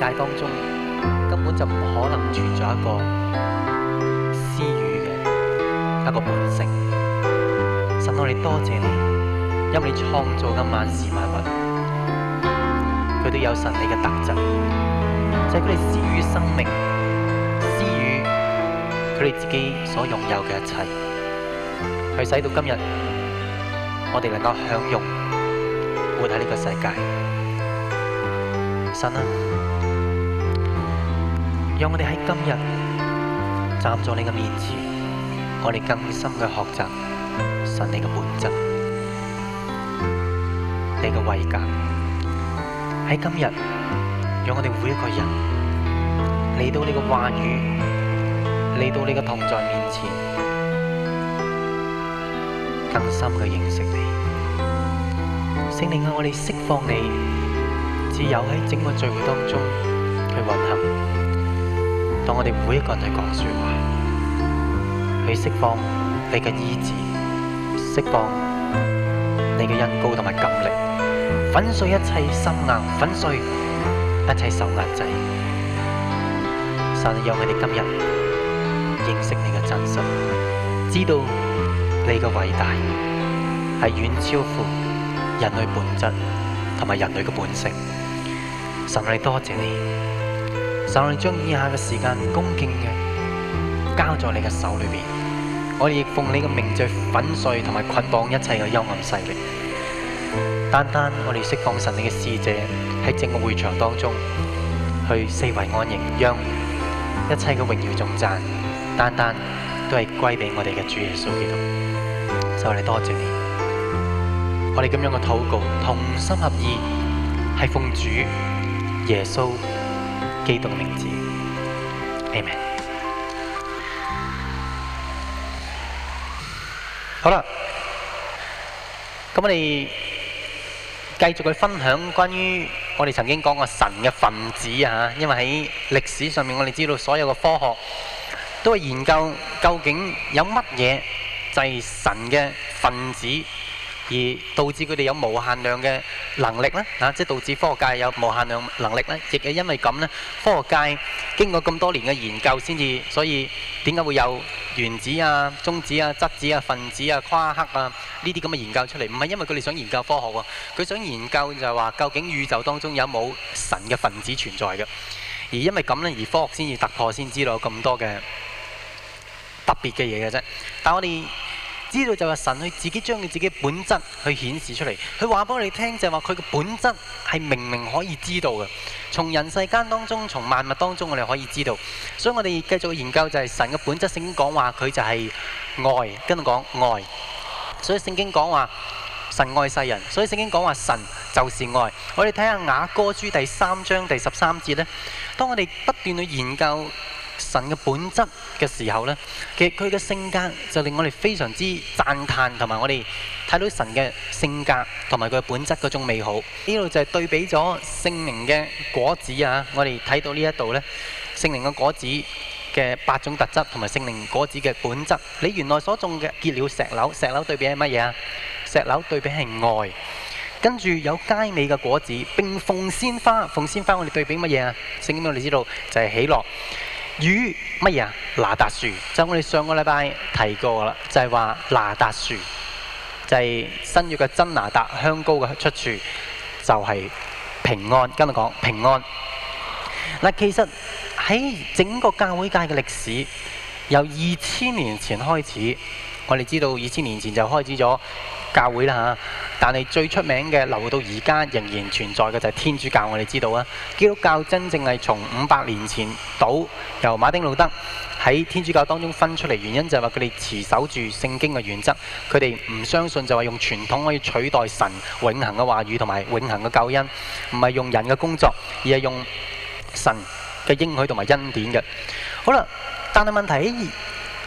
世界當中根本就唔可能存在一個施予嘅一個本性。神，我哋多謝你，因為你創造嘅萬事萬物，佢都有神你嘅特質，就係佢哋施予生命、施予佢哋自己所擁有嘅一切，去使到今日我哋能夠享用活喺呢個世界。神啊！讓我哋喺今日站咗你嘅面前，我哋更深嘅學習，信你嘅本質，你嘅位格。喺今日，讓我哋每一個人嚟到你嘅話語，嚟到你嘅同在面前，更深嘅認識你，聖靈，我哋釋放你，自由喺整個聚會當中去運行。當我哋每一個人去講說話，去釋放你嘅意志，釋放你嘅恩膏同埋感力，粉碎一切心硬，粉碎一切受壓制。神，讓我哋今日認識你嘅真實，知道你嘅偉大係遠超乎人類本質同埋人類嘅本性。神，我哋多謝你。但我哋將以下嘅時間恭敬嘅交在你嘅手裏邊，我哋亦奉你嘅名在粉碎同埋捆綁一切嘅幽暗勢力。單單我哋釋放神你嘅使者喺整個會場當中去四圍安營，讓一切嘅榮耀頌讚單單都係歸俾我哋嘅主耶穌基督。就嚟多謝你，我哋咁樣嘅禱告同心合意，係奉主耶穌，基督的名字，amen。好啦，咁我哋繼續去分享關於我哋曾經講過神嘅分子啊，因為喺歷史上面，我哋知道所有嘅科學都係研究究竟有乜嘢制神嘅分子，而導致佢哋有無限量嘅能力呢，嚇，即係導致科學界有無限量能力呢？亦係因為咁呢，科學界經過咁多年嘅研究先至，所以點解會有原子啊、中子啊、質子啊、分子啊、夸克啊呢啲咁嘅研究出嚟？唔係因為佢哋想研究科學喎，啊，佢想研究就係話究竟宇宙當中有冇神嘅分子存在嘅？而因為咁呢，而科學先至突破，先知道有咁多嘅特別嘅嘢嘅啫。但我哋……知道就係神去自己將佢自己本質去顯示出嚟，佢話俾我哋聽就係話佢嘅本質係明明可以知道嘅，從人世間當中，從萬物當中，我哋可以知道。所以我哋繼續研究就係神嘅本質，聖經講話佢就係愛，跟住講愛。所以聖經講話神愛世人，所以聖經講話神就是愛。我看看。我哋睇下雅歌書第三章第十三節呢，當我哋不斷去研究，神嘅本質嘅時候呢，其實佢嘅性格就令我哋非常之讚歎，同埋我哋睇到神嘅性格同埋佢嘅本質嗰種美好。呢度就係對比咗聖靈嘅果子啊！我哋睇到呢一度呢，聖靈嘅果子嘅八種特質同埋聖靈果子嘅本質。你原來所種嘅結了石榴，石榴對比係乜嘢啊？石榴對比係愛。跟住有佳美嘅果子，並鳳仙花，鳳仙花我哋對比乜嘢啊？聖經我哋知道就係、是、喜樂。魚乜嘢啊？哪噠樹就我哋上個禮拜提過啦，就係話哪噠樹就係、是、新約嘅真哪噠香膏嘅出處，就係、是、平安。今日講平安。嗱，其實喺整個教會界嘅歷史，由二千年前開始。我哋知道二千年前就開始咗教會啦嚇，但係最出名嘅留到而家仍然存在嘅就係天主教。我哋知道啊，基督教真正係從五百年前到由馬丁路德喺天主教當中分出嚟，原因就係話佢哋持守住聖經嘅原則，佢哋唔相信就係用傳統可以取代神永恆嘅話語同埋永恆嘅救恩，唔係用人嘅工作，而係用神嘅應許同埋恩典嘅。好啦，但係問題。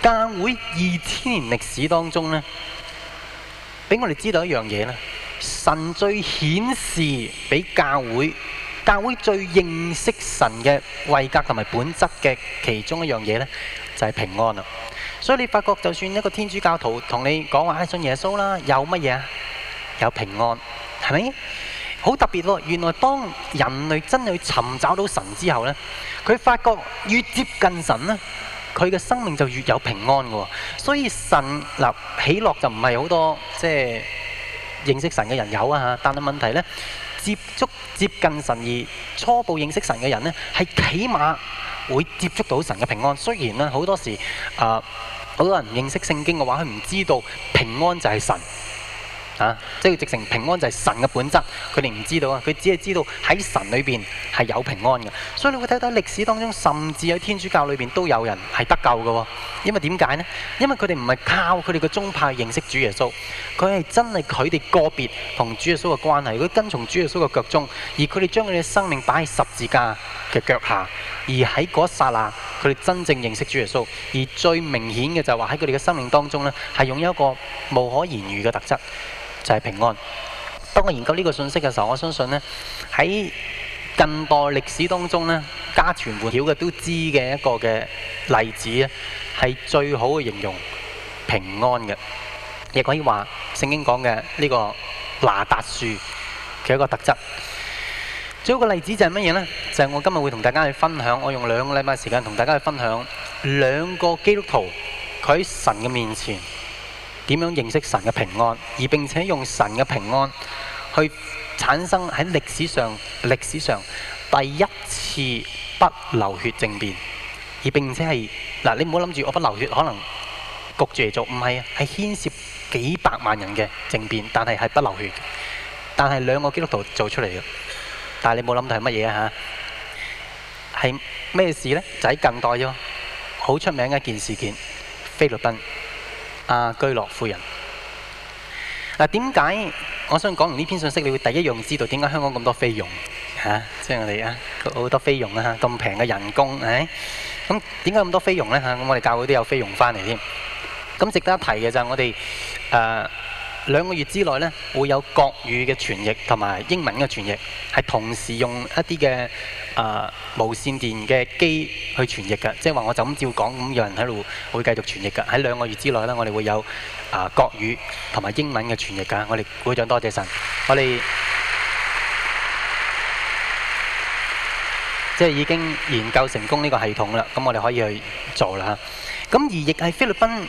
教會二千年歷史當中呢，俾我哋知道一樣嘢，呢，神最顯示俾教會，教會最認識神嘅位格同埋本質嘅其中一樣嘢呢，就係平安啦。所以你發覺就算一個天主教徒同你講話，唉，信耶穌啦，有乜嘢啊？有平安，係咪？好特別喎！原來當人類真係去尋找到神之後呢，佢發覺越接近神佢嘅生命就越有平安㗎，所以神，嗱，喜樂就唔係好多，即係認識神嘅人有啊嚇，但係問題呢，接觸接近神而初步認識神嘅人呢，係起碼會接觸到神嘅平安。雖然呢，好多時啊，好、呃、多人認識聖經嘅話，佢唔知道平安就係神。啊！即係直情平安就係神嘅本質，佢哋唔知道啊！佢只係知道喺神裏邊係有平安嘅。所以你會睇睇歷史當中，甚至喺天主教裏邊都有人係得救嘅。因為點解呢？因為佢哋唔係靠佢哋嘅宗派認識主耶穌，佢係真係佢哋個別同主耶穌嘅關係。佢跟從主耶穌嘅腳蹤，而佢哋將佢哋嘅生命擺喺十字架嘅腳下，而喺嗰一剎那，佢哋真正認識主耶穌。而最明顯嘅就係話喺佢哋嘅生命當中呢，係擁有一個無可言喻嘅特質。就係平安。當我研究呢個信息嘅時候，我相信呢，喺近代歷史當中呢，家傳戶曉嘅都知嘅一個嘅例子咧，係最好嘅形容平安嘅。亦可以話聖經講嘅呢個哪噠樹嘅一個特質。最好嘅例子就係乜嘢呢？就係、是、我今日會同大家去分享，我用兩個禮拜時間同大家去分享兩個基督徒佢喺神嘅面前。點樣認識神嘅平安，而並且用神嘅平安去產生喺歷史上、歷史上第一次不流血政變，而並且係，嗱，你唔好諗住我不流血可能焗住嚟做，唔係，係牽涉幾百萬人嘅政變，但係係不流血，但係兩個基督徒做出嚟嘅，但係你冇諗到係乜嘢啊？嚇，係咩事呢？就喺近代啫，好出名嘅一件事件，菲律賓。啊，居諾夫人。嗱、啊，點解？我想講完呢篇信息，你會第一樣知道點解香港咁多菲傭吓，即係我哋啊好多菲傭啊，咁平嘅人工，誒咁點解咁多菲傭呢？嚇、啊？咁我哋教會都有菲傭返嚟添。咁值得一提嘅就係我哋啊。兩個月之內咧，會有國語嘅傳譯同埋英文嘅傳譯，係同時用一啲嘅啊無線電嘅機去傳譯㗎。即係話我就咁照講，咁有人喺度會繼續傳譯㗎。喺兩個月之內啦，我哋會有啊、呃、國語同埋英文嘅傳譯㗎。我哋鼓掌，多謝神。我哋 即係已經研究成功呢個系統啦，咁我哋可以去做啦。咁而亦係菲律賓，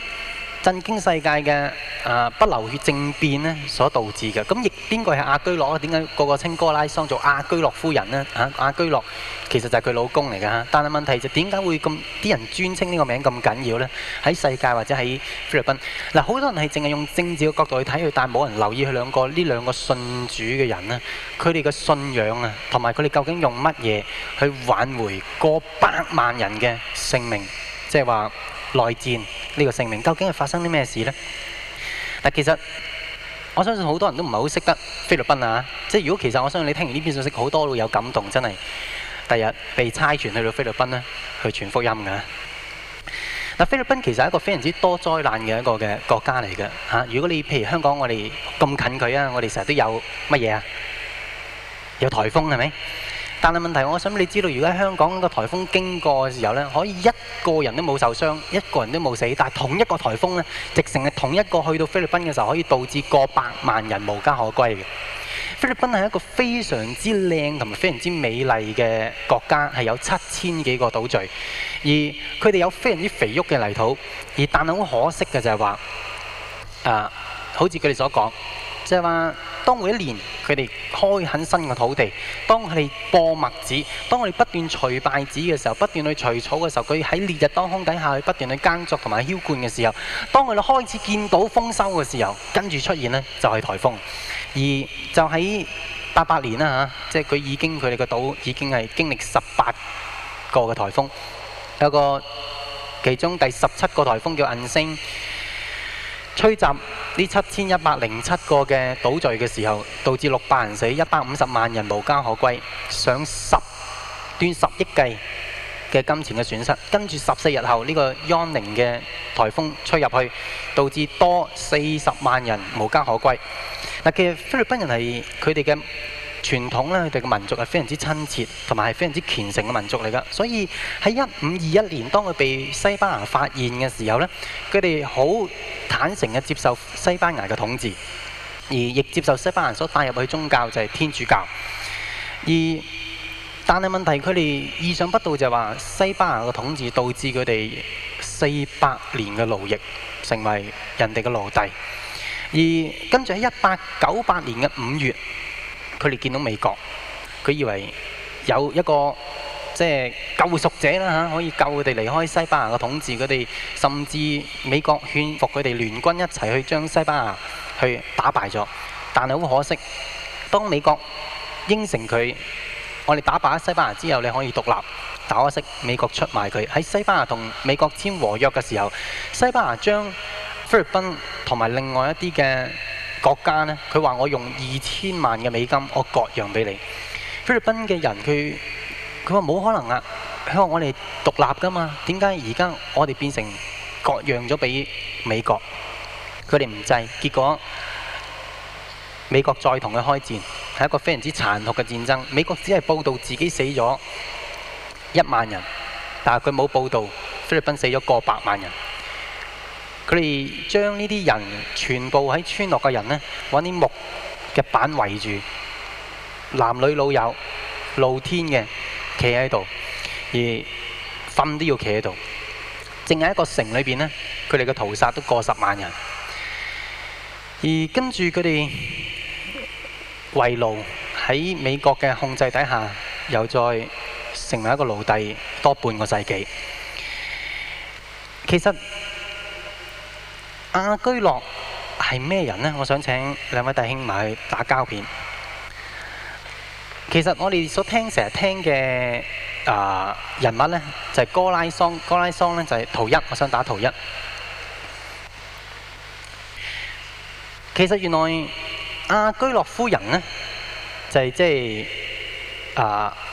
震驚世界嘅誒不流血政變咧所導致嘅。咁亦邊個係亞居諾啊？點解個個稱哥拉桑做亞居諾夫人呢？啊，亞居諾其實就係佢老公嚟㗎嚇。但係問題就點解會咁啲人專稱呢個名咁緊要呢？喺世界或者喺菲律賓嗱，好多人係淨係用政治嘅角度去睇佢，但係冇人留意佢兩個呢兩個信主嘅人咧，佢哋嘅信仰啊，同埋佢哋究竟用乜嘢去挽回過百萬人嘅性命，即係話。內戰呢個盛名，究竟係發生啲咩事呢？嗱，其實我相信好多人都唔係好識得菲律賓啊，即係如果其實我相信你聽完呢篇信息，好多會有感動，真係第日被差傳去到菲律賓呢，去傳福音噶。嗱，菲律賓其實係一個非常之多災難嘅一個嘅國家嚟嘅嚇。如果你譬如香港，我哋咁近佢啊，我哋成日都有乜嘢啊？有台風係咪？是但係問題，我想你知道，如果香港個颱風經過嘅時候呢，可以一個人都冇受傷，一個人都冇死，但係同一個颱風呢，直情係同一個去到菲律賓嘅時候，可以導致過百萬人無家可歸嘅。菲律賓係一個非常之靚同埋非常之美麗嘅國家，係有七千幾個島嶼，而佢哋有非常之肥沃嘅泥土，而但係好可惜嘅就係話，啊，好似佢哋所講，即係話。當每一年佢哋開墾新嘅土地，當佢哋播麥子，當佢哋不斷除稗子嘅時候，不斷去除草嘅時候，佢喺烈日當空底下，去不斷去耕作同埋澆灌嘅時候，當佢哋開始見到豐收嘅時候，跟住出現呢就係颱風。而就喺八八年啦嚇，即係佢已經佢哋個島已經係經歷十八個嘅颱風，有個其中第十七個颱風叫銀星。吹襲呢七千一百零七個嘅島嶼嘅時候，導致六百人死，一百五十萬人無家可歸，上十斷十億計嘅金錢嘅損失。跟住十四日後呢個 Yoni 嘅颱風吹入去，導致多四十萬人無家可歸。嗱，其實菲律賓人係佢哋嘅。傳統咧，佢哋嘅民族係非常之親切，同埋係非常之虔誠嘅民族嚟噶。所以喺一五二一年，當佢被西班牙發現嘅時候，呢佢哋好坦誠嘅接受西班牙嘅統治，而亦接受西班牙所帶入去宗教就係天主教。而但係問題，佢哋意想不到就係話西班牙嘅統治導致佢哋四百年嘅奴役，成為人哋嘅奴隸。而跟住喺一八九八年嘅五月。佢哋見到美國，佢以為有一個即係救贖者啦嚇，可以救佢哋離開西班牙嘅統治。佢哋甚至美國勸服佢哋聯軍一齊去將西班牙去打敗咗。但係好可惜，當美國應承佢，我哋打敗咗西班牙之後，你可以獨立，好可惜美國出賣佢，喺西班牙同美國簽和約嘅時候，西班牙將菲律賓同埋另外一啲嘅。國家呢，佢話我用二千萬嘅美金，我割讓俾你。菲律賓嘅人佢佢話冇可能啊，因為我哋獨立㗎嘛。點解而家我哋變成割讓咗俾美國？佢哋唔制，結果美國再同佢開戰，係一個非常之殘酷嘅戰爭。美國只係報道自己死咗一萬人，但係佢冇報道菲律賓死咗過百萬人。佢哋將呢啲人全部喺村落嘅人呢，揾啲木嘅板圍住，男女老幼露天嘅企喺度，而瞓都要企喺度。淨係一個城裏邊呢，佢哋嘅屠殺都過十萬人。而跟住佢哋為奴喺美國嘅控制底下，又再成為一個奴隸多半個世紀。其實，亞居諾係咩人呢？我想請兩位弟兄埋去打交片。其實我哋所聽成日聽嘅啊、呃、人物呢，就係、是、哥拉桑。哥拉桑呢，就係圖一，我想打圖一。其實原來亞居諾夫人呢，就係即係啊。呃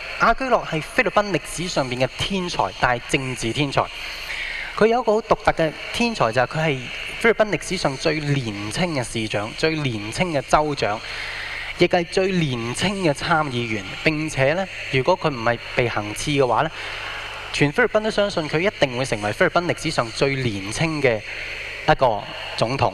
亞居諾係菲律賓歷史上面嘅天才，大政治天才。佢有一個好獨特嘅天才就係佢係菲律賓歷史上最年輕嘅市長，最年輕嘅州長，亦係最年輕嘅參議員。並且呢，如果佢唔係被行刺嘅話呢，全菲律賓都相信佢一定會成為菲律賓歷史上最年輕嘅一個總統。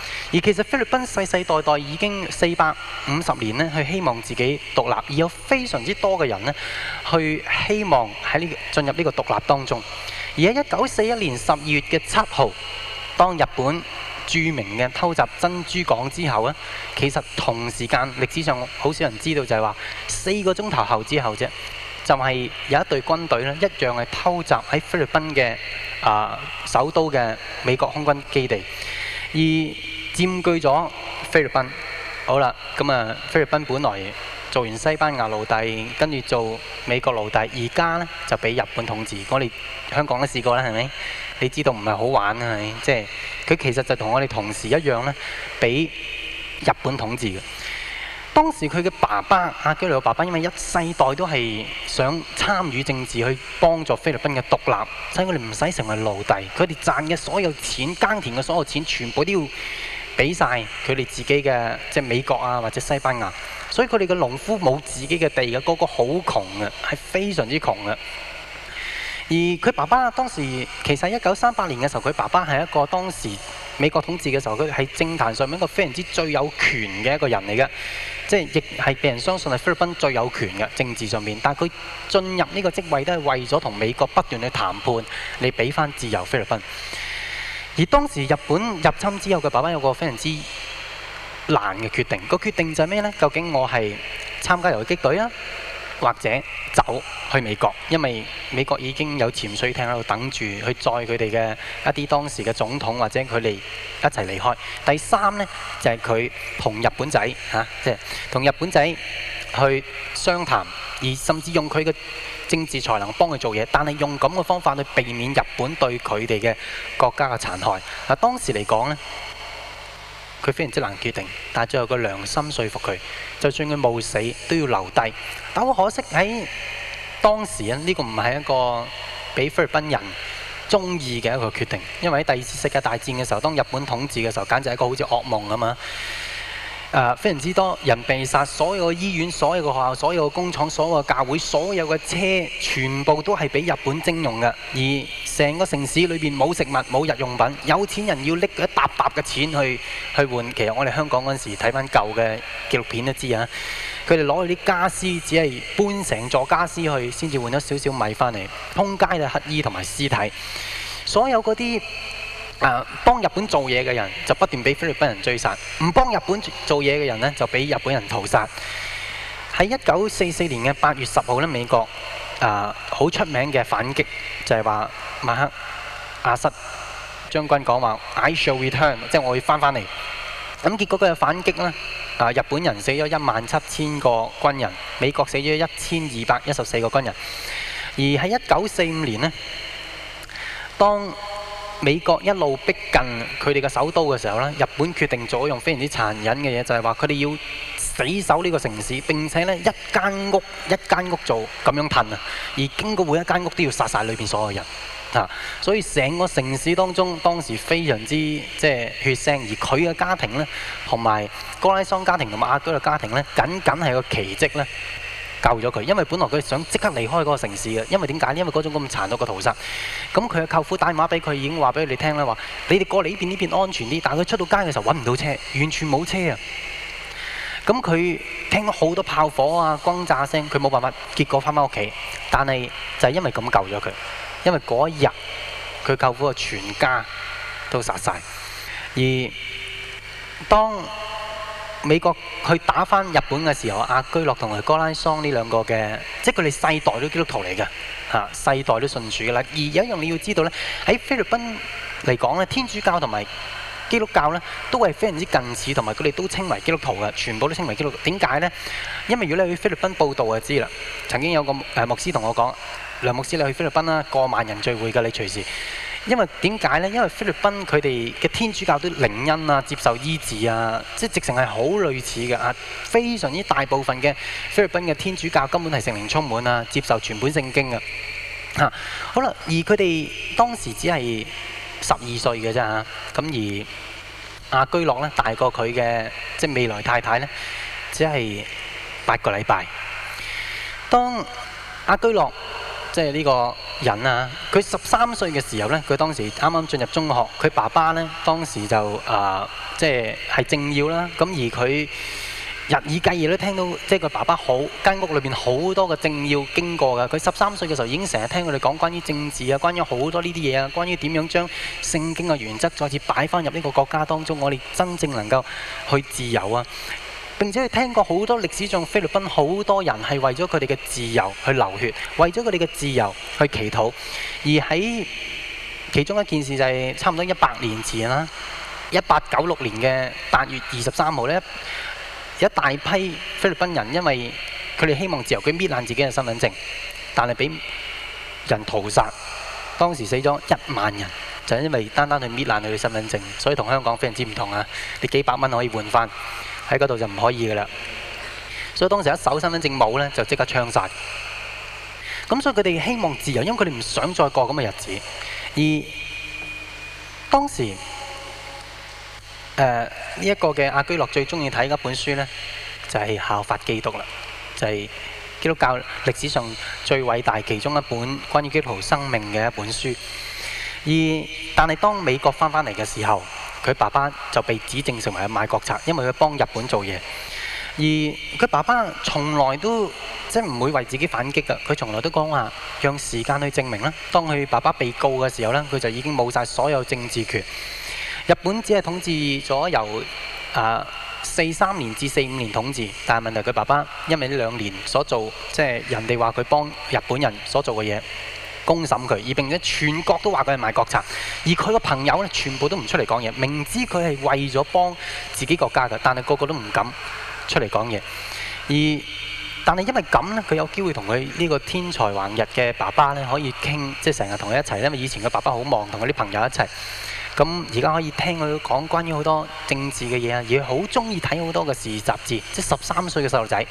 而其實菲律賓世世代代已經四百五十年去希望自己獨立，而有非常之多嘅人去希望喺呢進入呢個獨立當中。而喺一九四一年十二月嘅七號，當日本著名嘅偷襲珍珠港之後，其實同時間歷史上好少人知道，就係話四個鐘頭後之後啫，就係有一隊軍隊一樣係偷襲喺菲律賓嘅啊首都嘅美國空軍基地，而佔據咗菲律賓，好啦，咁啊，菲律賓本來做完西班牙奴隸，跟住做美國奴隸，而家呢，就俾日本統治。我哋香港都試過啦，係咪？你知道唔係好玩嘅，係咪？即係佢其實就同我哋同時一樣呢，俾日本統治嘅。當時佢嘅爸爸亞居諾嘅爸爸，阿爸爸因為一世代都係想參與政治，去幫助菲律賓嘅獨立，所以我哋唔使成為奴隸。佢哋賺嘅所有錢、耕田嘅所有錢，全部都要，俾晒佢哋自己嘅，即係美國啊，或者西班牙，所以佢哋嘅農夫冇自己嘅地嘅，個個好窮啊，係非常之窮啊。而佢爸爸當時其實一九三八年嘅時候，佢爸爸係一個當時美國統治嘅時候，佢喺政壇上面一個非常之最有權嘅一個人嚟嘅，即係亦係被人相信係菲律賓最有權嘅政治上面。但係佢進入呢個職位都係為咗同美國不斷去談判，嚟俾翻自由菲律賓。而當時日本入侵之後，佢爸爸有個非常之難嘅決定。個決定就係咩呢？究竟我係參加遊擊隊啊，或者走去美國？因為美國已經有潛水艇喺度等住，去載佢哋嘅一啲當時嘅總統或者佢哋一齊離開。第三呢，就係佢同日本仔嚇，即係同日本仔去商談，而甚至用佢嘅。政治才能幫佢做嘢，但係用咁嘅方法去避免日本對佢哋嘅國家嘅殘害。嗱，當時嚟講呢，佢非常之難決定，但係最後個良心說服佢，就算佢冇死都要留低。但好可惜喺、哎、當時咧，呢、這個唔係一個俾菲律賓人中意嘅一個決定，因為喺第二次世界大戰嘅時候，當日本統治嘅時候，簡直係一個好似噩夢咁嘛。誒，非常之多人被殺，所有嘅醫院、所有嘅學校、所有嘅工廠、所有嘅教會、所有嘅車，全部都係俾日本徵用嘅。而成個城市裏邊冇食物、冇日用品，有錢人要拎一沓沓嘅錢去去換。其實我哋香港嗰陣時睇翻舊嘅紀錄片都知啊，佢哋攞去啲家私，只係搬成座家私去，先至換咗少少米翻嚟。通街嘅乞衣同埋屍體，所有嗰啲。啊！幫日本做嘢嘅人就不斷俾菲律賓人追殺，唔幫日本做嘢嘅人呢，就俾日本人屠殺。喺一九四四年嘅八月十號呢，美國啊好出名嘅反擊就係話馬克阿瑟將軍講話 I shall return，即係、就是、我要翻返嚟。咁、啊、結果佢嘅反擊呢，啊，日本人死咗一萬七千個軍人，美國死咗一千二百一十四個軍人。而喺一九四五年呢，當美國一路逼近佢哋嘅首都嘅時候呢，日本決定做一樣非常之殘忍嘅嘢，就係話佢哋要死守呢個城市，並且呢一間屋一間屋做咁樣噴啊，而經過每一間屋都要殺晒裏邊所有人啊，所以成個城市當中當時非常之即係血腥。而佢嘅家庭呢，同埋哥拉桑家庭同埋阿哥嘅家庭呢，僅僅係個奇蹟呢。救咗佢，因為本來佢想即刻離開嗰個城市嘅，因為點解咧？因為嗰種咁殘酷嘅屠殺。咁佢嘅舅父打電話俾佢，已經話俾佢哋聽啦，話你哋過嚟呢邊，呢邊安全啲。但係佢出到街嘅時候揾唔到車，完全冇車啊！咁佢聽到好多炮火啊、轟炸聲，佢冇辦法，結果翻返屋企。但係就係因為咁救咗佢，因為嗰一日佢舅父嘅全家都殺晒。而當美國去打返日本嘅時候，亞居諾同埋哥拉桑呢兩個嘅，即係佢哋世代都基督徒嚟㗎，世代都信主嘅啦。而有一樣你要知道咧，喺菲律賓嚟講咧，天主教同埋基督教咧都係非常之近似，同埋佢哋都稱為基督徒嘅，全部都稱為基督徒。點解呢？因為如果你去菲律賓報道就知啦。曾經有個誒牧師同我講，梁牧師你去菲律賓啦，過萬人聚會嘅你隨時。因為點解呢？因為菲律賓佢哋嘅天主教都靈恩啊，接受醫治啊，即係直情係好類似嘅啊！非常之大部分嘅菲律賓嘅天主教根本係聖靈充滿啊，接受全本聖經嘅嚇、啊。好啦，而佢哋當時只係十二歲嘅啫嚇，咁而亞居諾呢，大過佢嘅，即係未來太太呢，只係八個禮拜。當亞、啊、居諾。即係呢個人啊！佢十三歲嘅時候呢，佢當時啱啱進入中學，佢爸爸呢，當時就啊、呃，即係係政要啦。咁而佢日以繼夜都聽到，即係佢爸爸好間屋裏面好多嘅政要經過㗎。佢十三歲嘅時候已經成日聽佢哋講關於政治啊，關於好多呢啲嘢啊，關於點樣將聖經嘅原則再次擺翻入呢個國家當中，我哋真正能夠去自由啊！並且聽過好多歷史上菲律賓好多人係為咗佢哋嘅自由去流血，為咗佢哋嘅自由去祈禱。而喺其中一件事就係差唔多一百年前啦，一八九六年嘅八月二十三號呢，一大批菲律賓人因為佢哋希望自由，佢搣爛自己嘅身份證，但係俾人屠殺，當時死咗一萬人，就因為單單去搣爛佢嘅身份證，所以同香港非常之唔同啊！你幾百蚊可以換翻。喺嗰度就唔可以噶啦，所以當時一手身份證冇呢，就即刻槍殺。咁所以佢哋希望自由，因為佢哋唔想再過咁嘅日子。而當時呢一個嘅亞居諾最中意睇一本書呢，就是，就係《效法基督》啦，就係基督教歷史上最偉大其中一本關於基督徒生命嘅一本書。而但係當美國翻返嚟嘅時候，佢爸爸就被指證成為賣國賊，因為佢幫日本做嘢。而佢爸爸從來都即係唔會為自己反擊㗎，佢從來都講話讓時間去證明啦。當佢爸爸被告嘅時候呢，佢就已經冇晒所有政治權。日本只係統治咗由啊四三年至四五年統治，但係問題佢爸爸因為呢兩年所做，即係人哋話佢幫日本人所做嘅嘢。公審佢，而並且全國都話佢係賣國賊，而佢個朋友咧全部都唔出嚟講嘢，明知佢係為咗幫自己國家嘅，但係個個都唔敢出嚟講嘢。而但係因為咁呢，佢有機會同佢呢個天才橫溢嘅爸爸呢，可以傾，即係成日同佢一齊，因為以前佢爸爸好忙，同佢啲朋友在一齊。咁而家可以聽佢講關於好多政治嘅嘢啊，而佢好中意睇好多嘅時事雜誌。即係十三歲嘅細路仔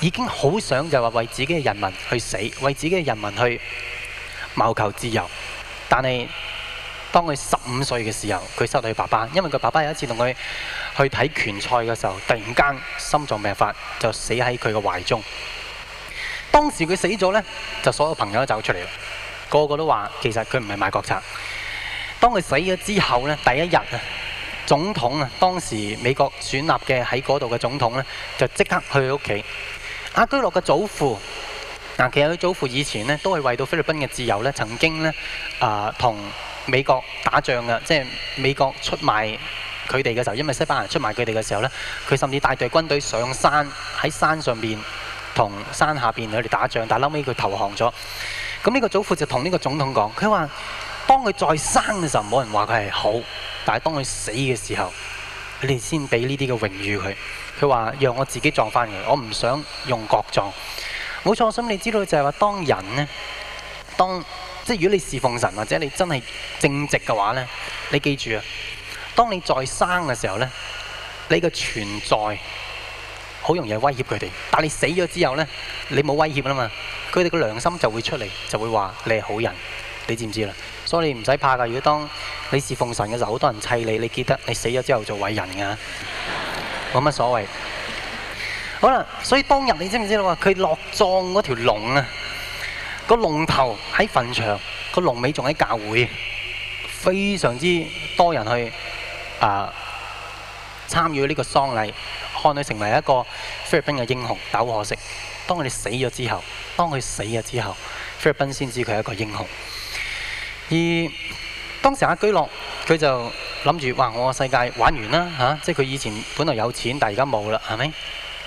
已經好想就係為自己嘅人民去死，為自己嘅人民去。謀求自由，但係當佢十五歲嘅時候，佢失去佢爸爸，因為佢爸爸有一次同佢去睇拳賽嘅時候，突然間心臟病發就死喺佢嘅懷中。當時佢死咗呢，就所有朋友都走出嚟啦，個個都話其實佢唔係賣國賊。當佢死咗之後呢，第一日啊，總統啊，當時美國選立嘅喺嗰度嘅總統呢，就即刻去佢屋企，亞居諾嘅祖父。嗱，其實佢祖父以前咧都係為到菲律賓嘅自由咧，曾經咧啊同美國打仗嘅，即係美國出賣佢哋嘅時候，因為西班牙出賣佢哋嘅時候咧，佢甚至帶隊軍隊上山喺山上邊同山下邊佢哋打仗，但係嬲尾佢投降咗。咁、這、呢個祖父就同呢個總統講，佢話當佢在生嘅時候，冇人話佢係好，但係當佢死嘅時候，佢哋先俾呢啲嘅榮譽佢。佢話讓我自己撞返嚟，我唔想用國葬。冇錯，所以你知道就係話，當人呢，當即係如果你侍奉神或者你真係正直嘅話呢，你記住啊，當你在生嘅時候呢，你嘅存在好容易威脅佢哋，但你死咗之後呢，你冇威脅啦嘛，佢哋嘅良心就會出嚟，就會話你係好人，你知唔知啦？所以你唔使怕噶，如果當你侍奉神嘅時候，好多人砌你，你記得你死咗之後就做偉人㗎，冇乜所謂。好啦，所以當日你知唔知道啊？佢落葬嗰條龍啊，個龍頭喺墳場，個龍尾仲喺教會，非常之多人去啊參與呢個喪禮，看佢成為一個菲律賓嘅英雄，但好可惜。當佢哋死咗之後，當佢死咗之後，菲律賓先知佢係一個英雄。而當時亞居諾，佢就諗住話：哇！我個世界玩完啦嚇、啊，即係佢以前本來有錢，但係而家冇啦，係咪？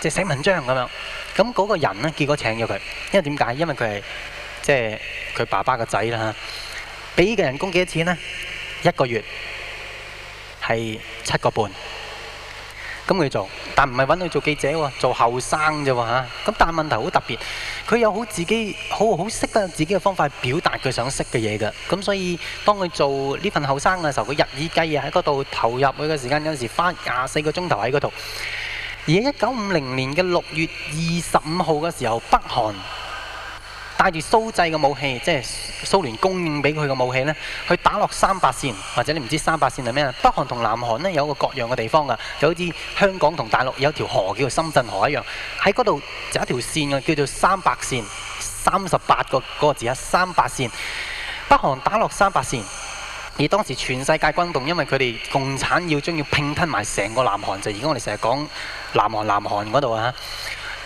即係寫文章咁樣，咁、那、嗰個人呢，結果請咗佢，因為點解？因為佢係即係佢爸爸嘅仔啦嚇，俾嘅人工幾多錢呢？一個月係七個半，咁佢做，但唔係揾佢做記者喎，做後生啫喎嚇。咁但係問題好特別，佢有好自己好好識得自己嘅方法表達佢想識嘅嘢嘅，咁所以當佢做呢份後生嘅時候，佢日以繼夜喺嗰度投入佢嘅時間，有時花廿四個鐘頭喺嗰度。而喺一九五零年嘅六月二十五號嘅時候，北韓帶住蘇製嘅武器，即係蘇聯供應俾佢嘅武器呢，去打落三八線，或者你唔知三八線係咩啊？北韓同南韓呢有個各樣嘅地方噶，就好似香港同大陸有條河叫做深圳河一樣，喺嗰度有一條線叫做三八線，三十八個嗰個字啊，三八線，北韓打落三八線。而當時全世界轟動，因為佢哋共產要將要拼吞埋成個南韓，就而家我哋成日講南韓南韓嗰度啊，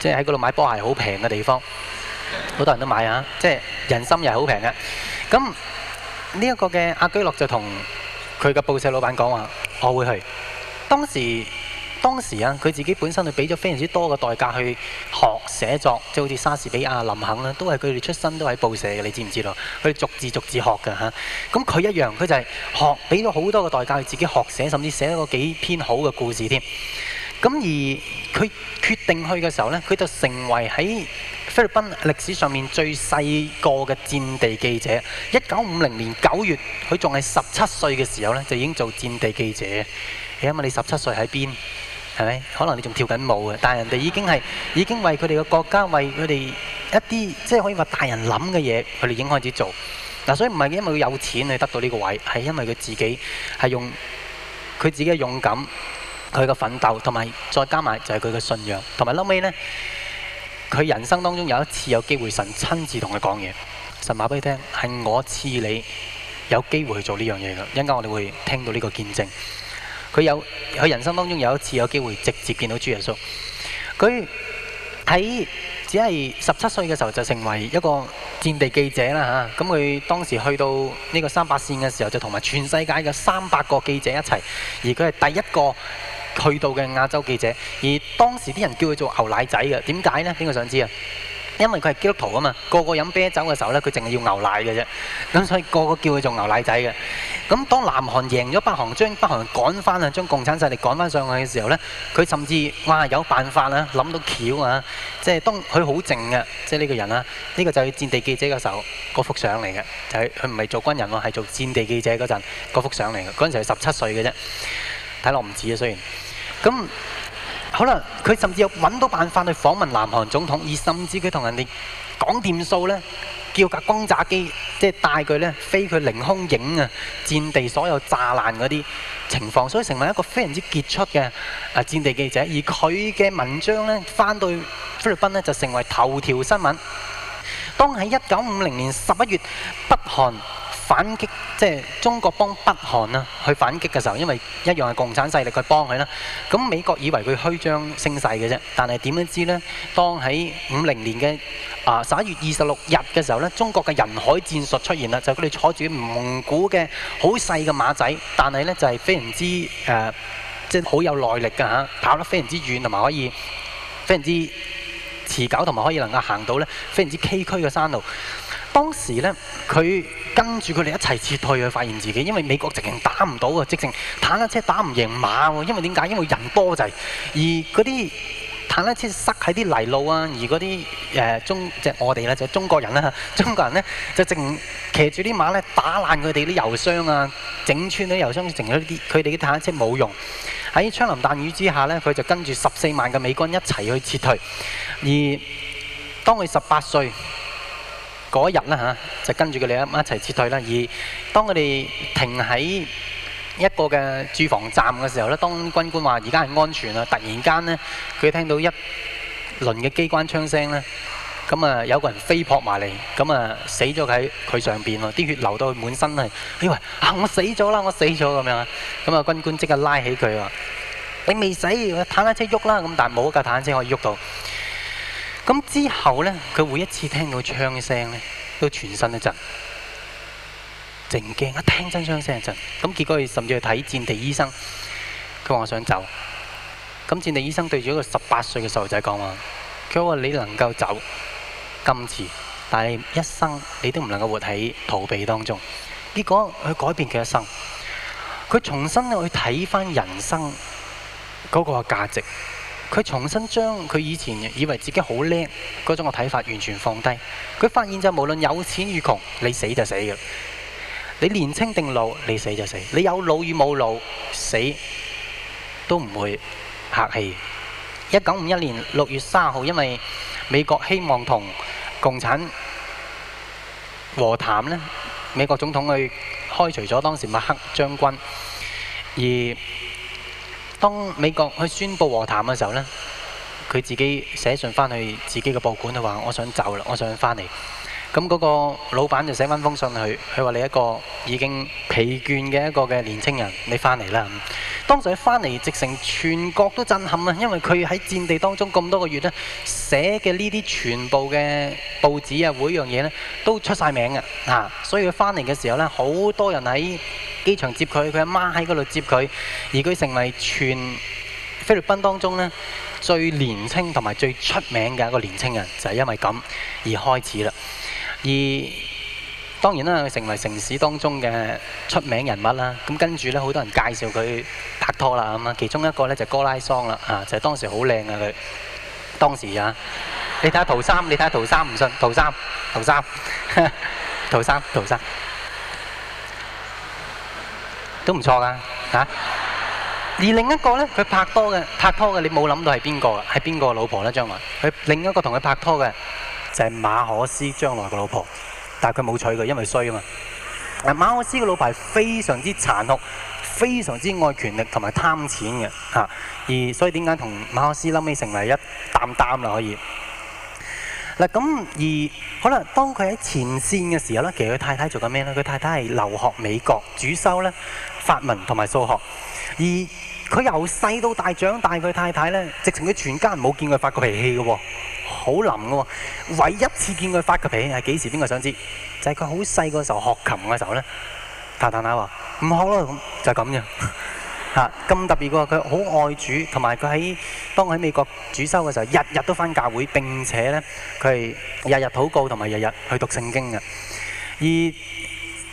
即係喺嗰度買波鞋好平嘅地方，好多人都買啊，即係人心又係好平嘅。咁呢一個嘅亞居諾就同佢嘅報社老闆講話：我會去。當時當時啊，佢自己本身就俾咗非常之多嘅代價去學寫作，即好似莎士比亞、林肯啦，都係佢哋出身都喺報社嘅，你知唔知道？佢哋逐字逐字學㗎吓。咁、啊、佢一樣，佢就係學，俾咗好多嘅代價去自己學寫，甚至寫咗個幾篇好嘅故事添。咁而佢決定去嘅時候呢，佢就成為喺菲律賓歷史上面最細個嘅戰地記者。一九五零年九月，佢仲係十七歲嘅時候呢，就已經做戰地記者。誒，咁啊，你十七歲喺邊？係咪？可能你仲跳緊舞嘅，但係人哋已經係已經為佢哋嘅國家，為佢哋一啲即係可以話大人諗嘅嘢，佢哋已經開始做。嗱，所以唔係因為佢有錢你得到呢個位，係因為佢自己係用佢自己嘅勇敢、佢嘅奮鬥，同埋再加埋就係佢嘅信仰，同埋後尾呢，佢人生當中有一次有機會，神親自同佢講嘢。神話俾你聽，係我賜你有機會去做呢樣嘢嘅。一陣間我哋會聽到呢個見證。佢有佢人生當中有一次有機會直接見到主耶穌。佢喺只係十七歲嘅時候就成為一個戰地記者啦嚇。咁佢當時去到呢個三八線嘅時候就同埋全世界嘅三百個記者一齊，而佢係第一個去到嘅亞洲記者。而當時啲人叫佢做牛奶仔嘅，點解呢？邊個想知啊？因為佢係基督徒啊嘛，個個飲啤酒嘅時候呢，佢淨係要牛奶嘅啫。咁所以個個叫佢做牛奶仔嘅。咁當南韓贏咗北韓，將北韓趕翻啊，將共產勢力趕翻上去嘅時候呢，佢甚至哇有辦法啊，諗到橋啊，即係當佢好靜嘅，即係呢個人啊，呢個就係戰地記者嘅時候嗰幅相嚟嘅，就係佢唔係做軍人喎，係做戰地記者嗰陣嗰幅相嚟嘅，嗰陣時係十七歲嘅啫，睇落唔止啊，雖然咁。可能佢甚至有揾到辦法去訪問南韓總統，而甚至佢同人哋講掂數呢，叫架轟炸機，即係帶佢呢飛佢凌空影啊，戰地所有炸爛嗰啲情況，所以成為一個非常之傑出嘅啊戰地記者，而佢嘅文章呢，返到菲律賓呢，就成為頭條新聞。當喺一九五零年十一月，北韓。反擊即係中國幫北韓啦去反擊嘅時候，因為一樣係共產勢力去幫佢啦。咁美國以為佢虛張聲勢嘅啫，但係點樣知呢？當喺五零年嘅啊十一月二十六日嘅時候呢，中國嘅人海戰術出現啦，就佢哋坐住蒙古嘅好細嘅馬仔，但係呢，就係非常之誒，即係好有耐力嘅嚇，跑得非常之遠，同埋可以非常之持久，同埋可以能夠行到呢非常之崎嶇嘅山路。當時呢，佢跟住佢哋一齊撤退去發現自己，因為美國直情打唔到啊，直情坦克車打唔贏馬喎。因為點解？因為人多滯，而嗰啲坦克車塞喺啲泥路啊，而嗰啲誒中即係我哋咧，就係、中國人啦，中國人呢，就淨騎住啲馬呢打爛佢哋啲油箱啊，整穿咗油箱，整咗啲佢哋啲坦克車冇用。喺槍林彈雨之下呢，佢就跟住十四萬嘅美軍一齊去撤退。而當佢十八歲。嗰一日啦嚇，就跟住佢哋一一齊撤退啦。而當佢哋停喺一個嘅駐防站嘅時候咧，當軍官話而家係安全啦，突然間咧佢聽到一輪嘅機關槍聲咧，咁啊有個人飛撲埋嚟，咁啊死咗喺佢上邊喎，啲血流到佢滿身啊！咦話啊我死咗啦，我死咗咁樣，咁啊軍官即刻拉起佢話：你未死，坦克車喐啦！咁但係冇一架坦克車可以喐到。咁之後呢，佢每一次聽到槍聲呢，都全身一震，靜驚一聽真槍聲一震。咁結果佢甚至去睇戰地醫生，佢話我想走。咁戰地醫生對住一個十八歲嘅細路仔講話，佢話你能夠走今次，但係一生你都唔能夠活喺逃避當中。結果佢改變佢一生，佢重新去睇返人生嗰個價值。佢重新將佢以前以為自己好叻嗰種嘅睇法完全放低。佢發現就無論有錢與窮，你死就死嘅；你年青定老，你死就死。你有老與冇老，死都唔會客氣。一九五一年六月三號，因為美國希望同共產和談呢，美國總統去開除咗當時麥克將軍，而當美國去宣布和談嘅時候呢，佢自己寫信翻去自己嘅報館，佢話，我想走啦，我想翻嚟。咁嗰個老闆就寫翻封信去，佢話你一個已經疲倦嘅一個嘅年青人，你翻嚟啦。當時佢翻嚟，直成全國都震撼啊，因為佢喺戰地當中咁多個月呢，寫嘅呢啲全部嘅報紙啊，每一樣嘢呢都出晒名嘅啊，所以佢翻嚟嘅時候呢，好多人喺機場接佢，佢阿媽喺嗰度接佢，而佢成為全菲律賓當中呢最年輕同埋最出名嘅一個年青人，就係因為咁而開始啦。而當然啦，佢成為城市當中嘅出名人物啦。咁跟住呢，好多人介紹佢拍拖啦咁啊。其中一個呢就哥拉桑啦啊，就當時好靚啊佢。當時啊，你睇下圖三，你睇下圖三唔信？圖三，圖三，圖三，圖三。都唔錯噶嚇、啊，而另一個呢，佢拍拖嘅拍拖嘅，你冇諗到係邊個啊？係邊個老婆呢？將來佢另一個同佢拍拖嘅就係馬可思將來個老婆，但係佢冇娶佢，因為衰啊嘛。嗱、啊，馬可思嘅老婆係非常之殘酷，非常之愛權力同埋貪錢嘅嚇，而所以點解同馬可思後尾成為一擔擔啦？可以。嗱，咁而可能當佢喺前線嘅時候咧，其實佢太太做緊咩咧？佢太太係留學美國主修咧，法文同埋數學。而佢由細到大長大，佢太太咧，直情佢全家人冇見佢發過脾氣嘅喎，好冧嘅喎。唯一一次見佢發個脾氣係幾時？邊個想知？就係佢好細個時候學琴嘅時候咧，譚太太話唔學咯，就係、是、咁樣。 吓，咁特別㗎喎！佢好愛主，同埋佢喺當喺美國主修嘅時候，日日都返教會，並且呢，佢係日日禱告同埋日日去讀聖經嘅。而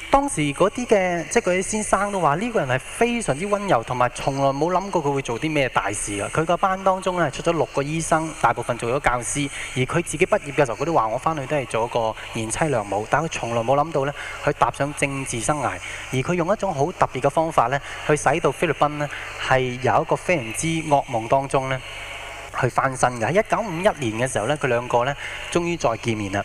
當時嗰啲嘅，即係嗰啲先生都話呢個人係非常之溫柔，同埋從來冇諗過佢會做啲咩大事㗎。佢個班當中咧出咗六個醫生，大部分做咗教師，而佢自己畢業嘅時候，佢都話我翻去都係做一個賢妻良母。但佢從來冇諗到呢，佢踏上政治生涯，而佢用一種好特別嘅方法呢，去使到菲律賓呢，係有一個非常之噩夢當中呢。去翻身嘅，喺一九五一年嘅時候呢，佢兩個呢終於再見面啦。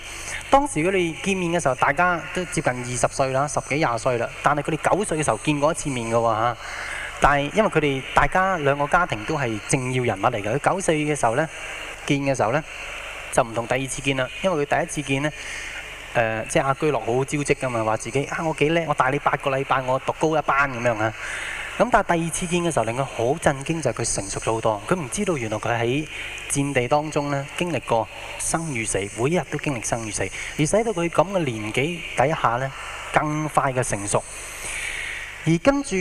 當時佢哋見面嘅時候，大家都接近二十歲啦，十幾廿歲啦。但係佢哋九歲嘅時候見過一次面嘅喎。但係因為佢哋大家兩個家庭都係政要人物嚟嘅，佢九歲嘅時候呢，見嘅時候呢，就唔同第二次見啦。因為佢第一次見呢，即、呃、係、就是、亞居諾好招積㗎嘛，話自己啊我幾叻，我大你八個禮拜，我讀高一班咁樣啊。咁但係第二次見嘅時候，令佢好震驚就係佢成熟咗好多。佢唔知道原來佢喺戰地當中呢，經歷過生與死，每一日都經歷生與死，而使到佢咁嘅年紀底下呢，更快嘅成熟。而跟住。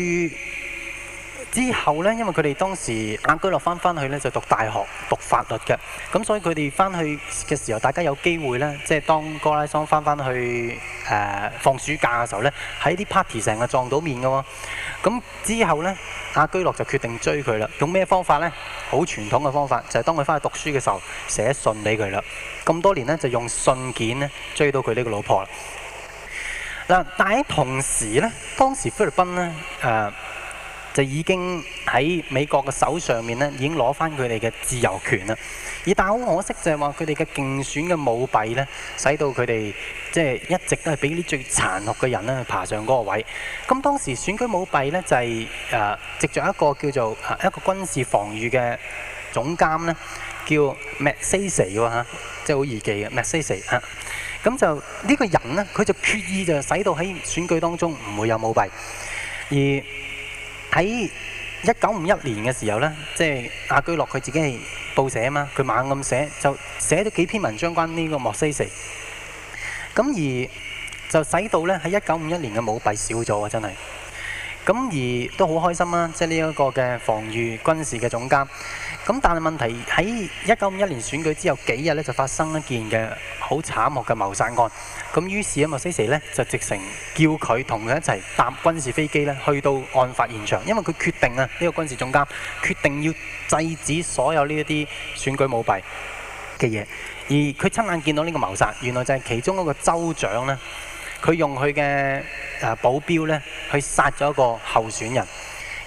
之後呢，因為佢哋當時亞居諾翻返去呢，就讀大學，讀法律嘅，咁所以佢哋翻去嘅時候，大家有機會呢，即係當哥拉桑翻返去誒、呃、放暑假嘅時候呢，喺啲 party 成日撞到面嘅喎。咁之後呢，亞居諾就決定追佢啦，用咩方法呢？好傳統嘅方法就係、是、當佢翻去讀書嘅時候寫信俾佢啦。咁多年呢，就用信件呢追到佢呢個老婆啦。但係同時呢，當時菲律賓呢。誒、呃。就已經喺美國嘅手上面咧，已經攞翻佢哋嘅自由權啦。而但好可惜就係話，佢哋嘅競選嘅舞弊咧，使到佢哋即係一直都係俾啲最殘酷嘅人咧去爬上嗰個位。咁當時選舉舞弊咧就係、是、誒、呃，藉著一個叫做、啊、一個軍事防禦嘅總監咧，叫 Matt Saese 喎、啊、即係好易記嘅 Matt Saese 嚇。咁、啊、就呢、呢個人呢，佢就決意就使到喺選舉當中唔會有舞弊而。喺一九五一年嘅時候呢，即係亞居諾佢自己係報社啊嘛，佢猛咁寫，就寫咗幾篇文章關呢個莫斯科。咁而就使到呢喺一九五一年嘅舞弊少咗啊，真係。咁而都好開心啊，即係呢一個嘅防禦軍事嘅總監。咁但係問題喺一九五一年選舉之後幾日咧，就發生一件嘅好慘酷嘅謀殺案。咁於是啊，莫西奇咧就直程叫佢同佢一齊搭軍事飛機咧去到案發現場，因為佢決定啊，呢、呢個軍事總監決定要制止所有呢一啲選舉舞弊嘅嘢。而佢親眼見到呢個謀殺，原來就係其中一個州長呢，佢用佢嘅保鏢呢，去殺咗一個候選人。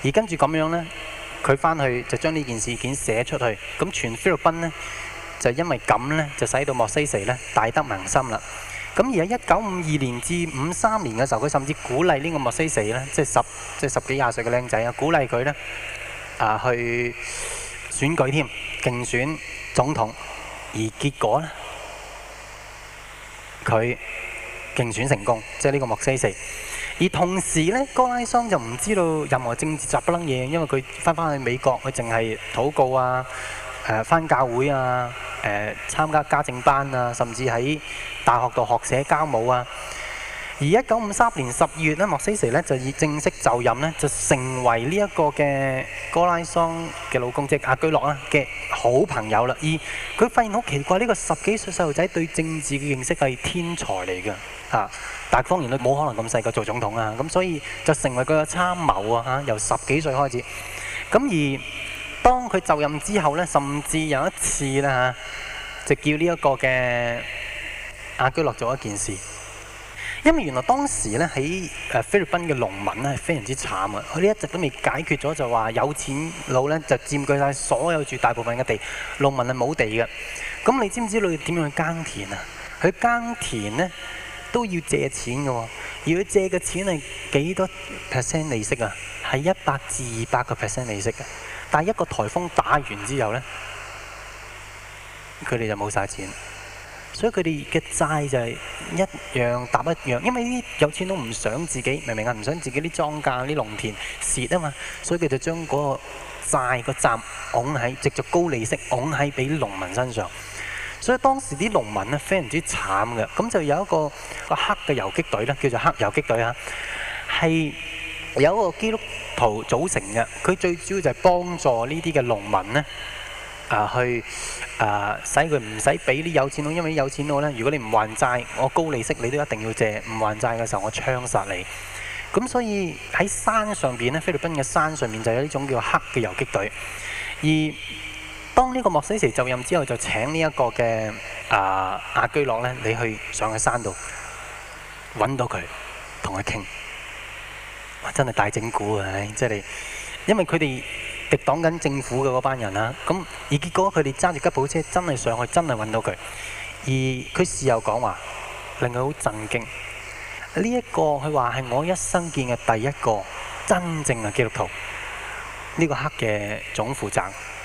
而跟住咁樣呢。佢返去就將呢件事件寫出去，咁全菲律賓呢就因為咁呢就使到莫西四呢大得民心啦。咁而喺一九五二年至五三年嘅時候，佢甚至鼓勵呢個莫西四呢，即係十即係十幾廿歲嘅靚仔啊，鼓勵佢呢啊去選舉添，競選總統。而結果呢，佢競選成功，即係呢個莫西四。而同時呢，哥拉桑就唔知道任何政治雜不楞嘢，因為佢翻返去美國，佢淨係禱告啊，誒、呃、翻教會啊，誒、呃、參加家政班啊，甚至喺大學度學社交舞啊。而一九五三年十月呢，莫西奇咧就以正式就任呢，就成為呢一個嘅哥拉桑嘅老公即、就是、阿居洛啊嘅好朋友啦。而佢發現好奇怪，呢、這個十幾歲細路仔對政治嘅認識係天才嚟嘅。啊！但係當然佢冇可能咁細個做總統啊，咁所以就成為佢嘅參謀啊！哈，由十幾歲開始。咁而當佢就任之後呢，甚至有一次咧嚇，就叫呢一個嘅亞居諾做一件事。因為原來當時呢，喺誒菲律賓嘅農民呢，係非常之慘啊！佢啲一直都未解決咗，就話有錢佬呢就佔據晒所有住大部分嘅地，農民係冇地嘅。咁你知唔知佢點樣去耕田啊？佢耕田呢。都要借錢嘅，而佢借嘅錢係幾多 percent 利息啊？係一百至二百個 percent 利息嘅。但係一個颱風打完之後呢，佢哋就冇晒錢了，所以佢哋嘅債就係一樣搭一樣。因為啲有錢都唔想自己，明唔明啊？唔想自己啲莊稼、啲農田蝕啊嘛，所以佢就將嗰個債個債拱喺，藉著高利息拱喺俾農民身上。所以當時啲農民咧非常之慘嘅，咁就有一個黑嘅游擊隊咧，叫做黑游擊隊啊，係有一個基督徒組成嘅。佢最主要就係幫助呢啲嘅農民呢、啊，去、啊、使佢唔使俾啲有錢佬，因為有錢佬呢，如果你唔還債，我高利息你都一定要借，唔還債嘅時候我槍殺你。咁所以喺山上邊咧，菲律賓嘅山上邊就有呢種叫黑嘅游擊隊，而。當呢個莫西奇就任之後，就請呢一個嘅啊亞居諾呢，你去上去山度揾到佢，同佢傾，真係大整蠱啊！即、哎、真你，因為佢哋敵擋緊政府嘅嗰班人啦。咁而結果佢哋揸住吉普車，真係上去，真係揾到佢。而佢事後講話，令佢好震驚。呢、這、一個佢話係我一生見嘅第一個真正嘅基督徒，呢、這個黑嘅總負責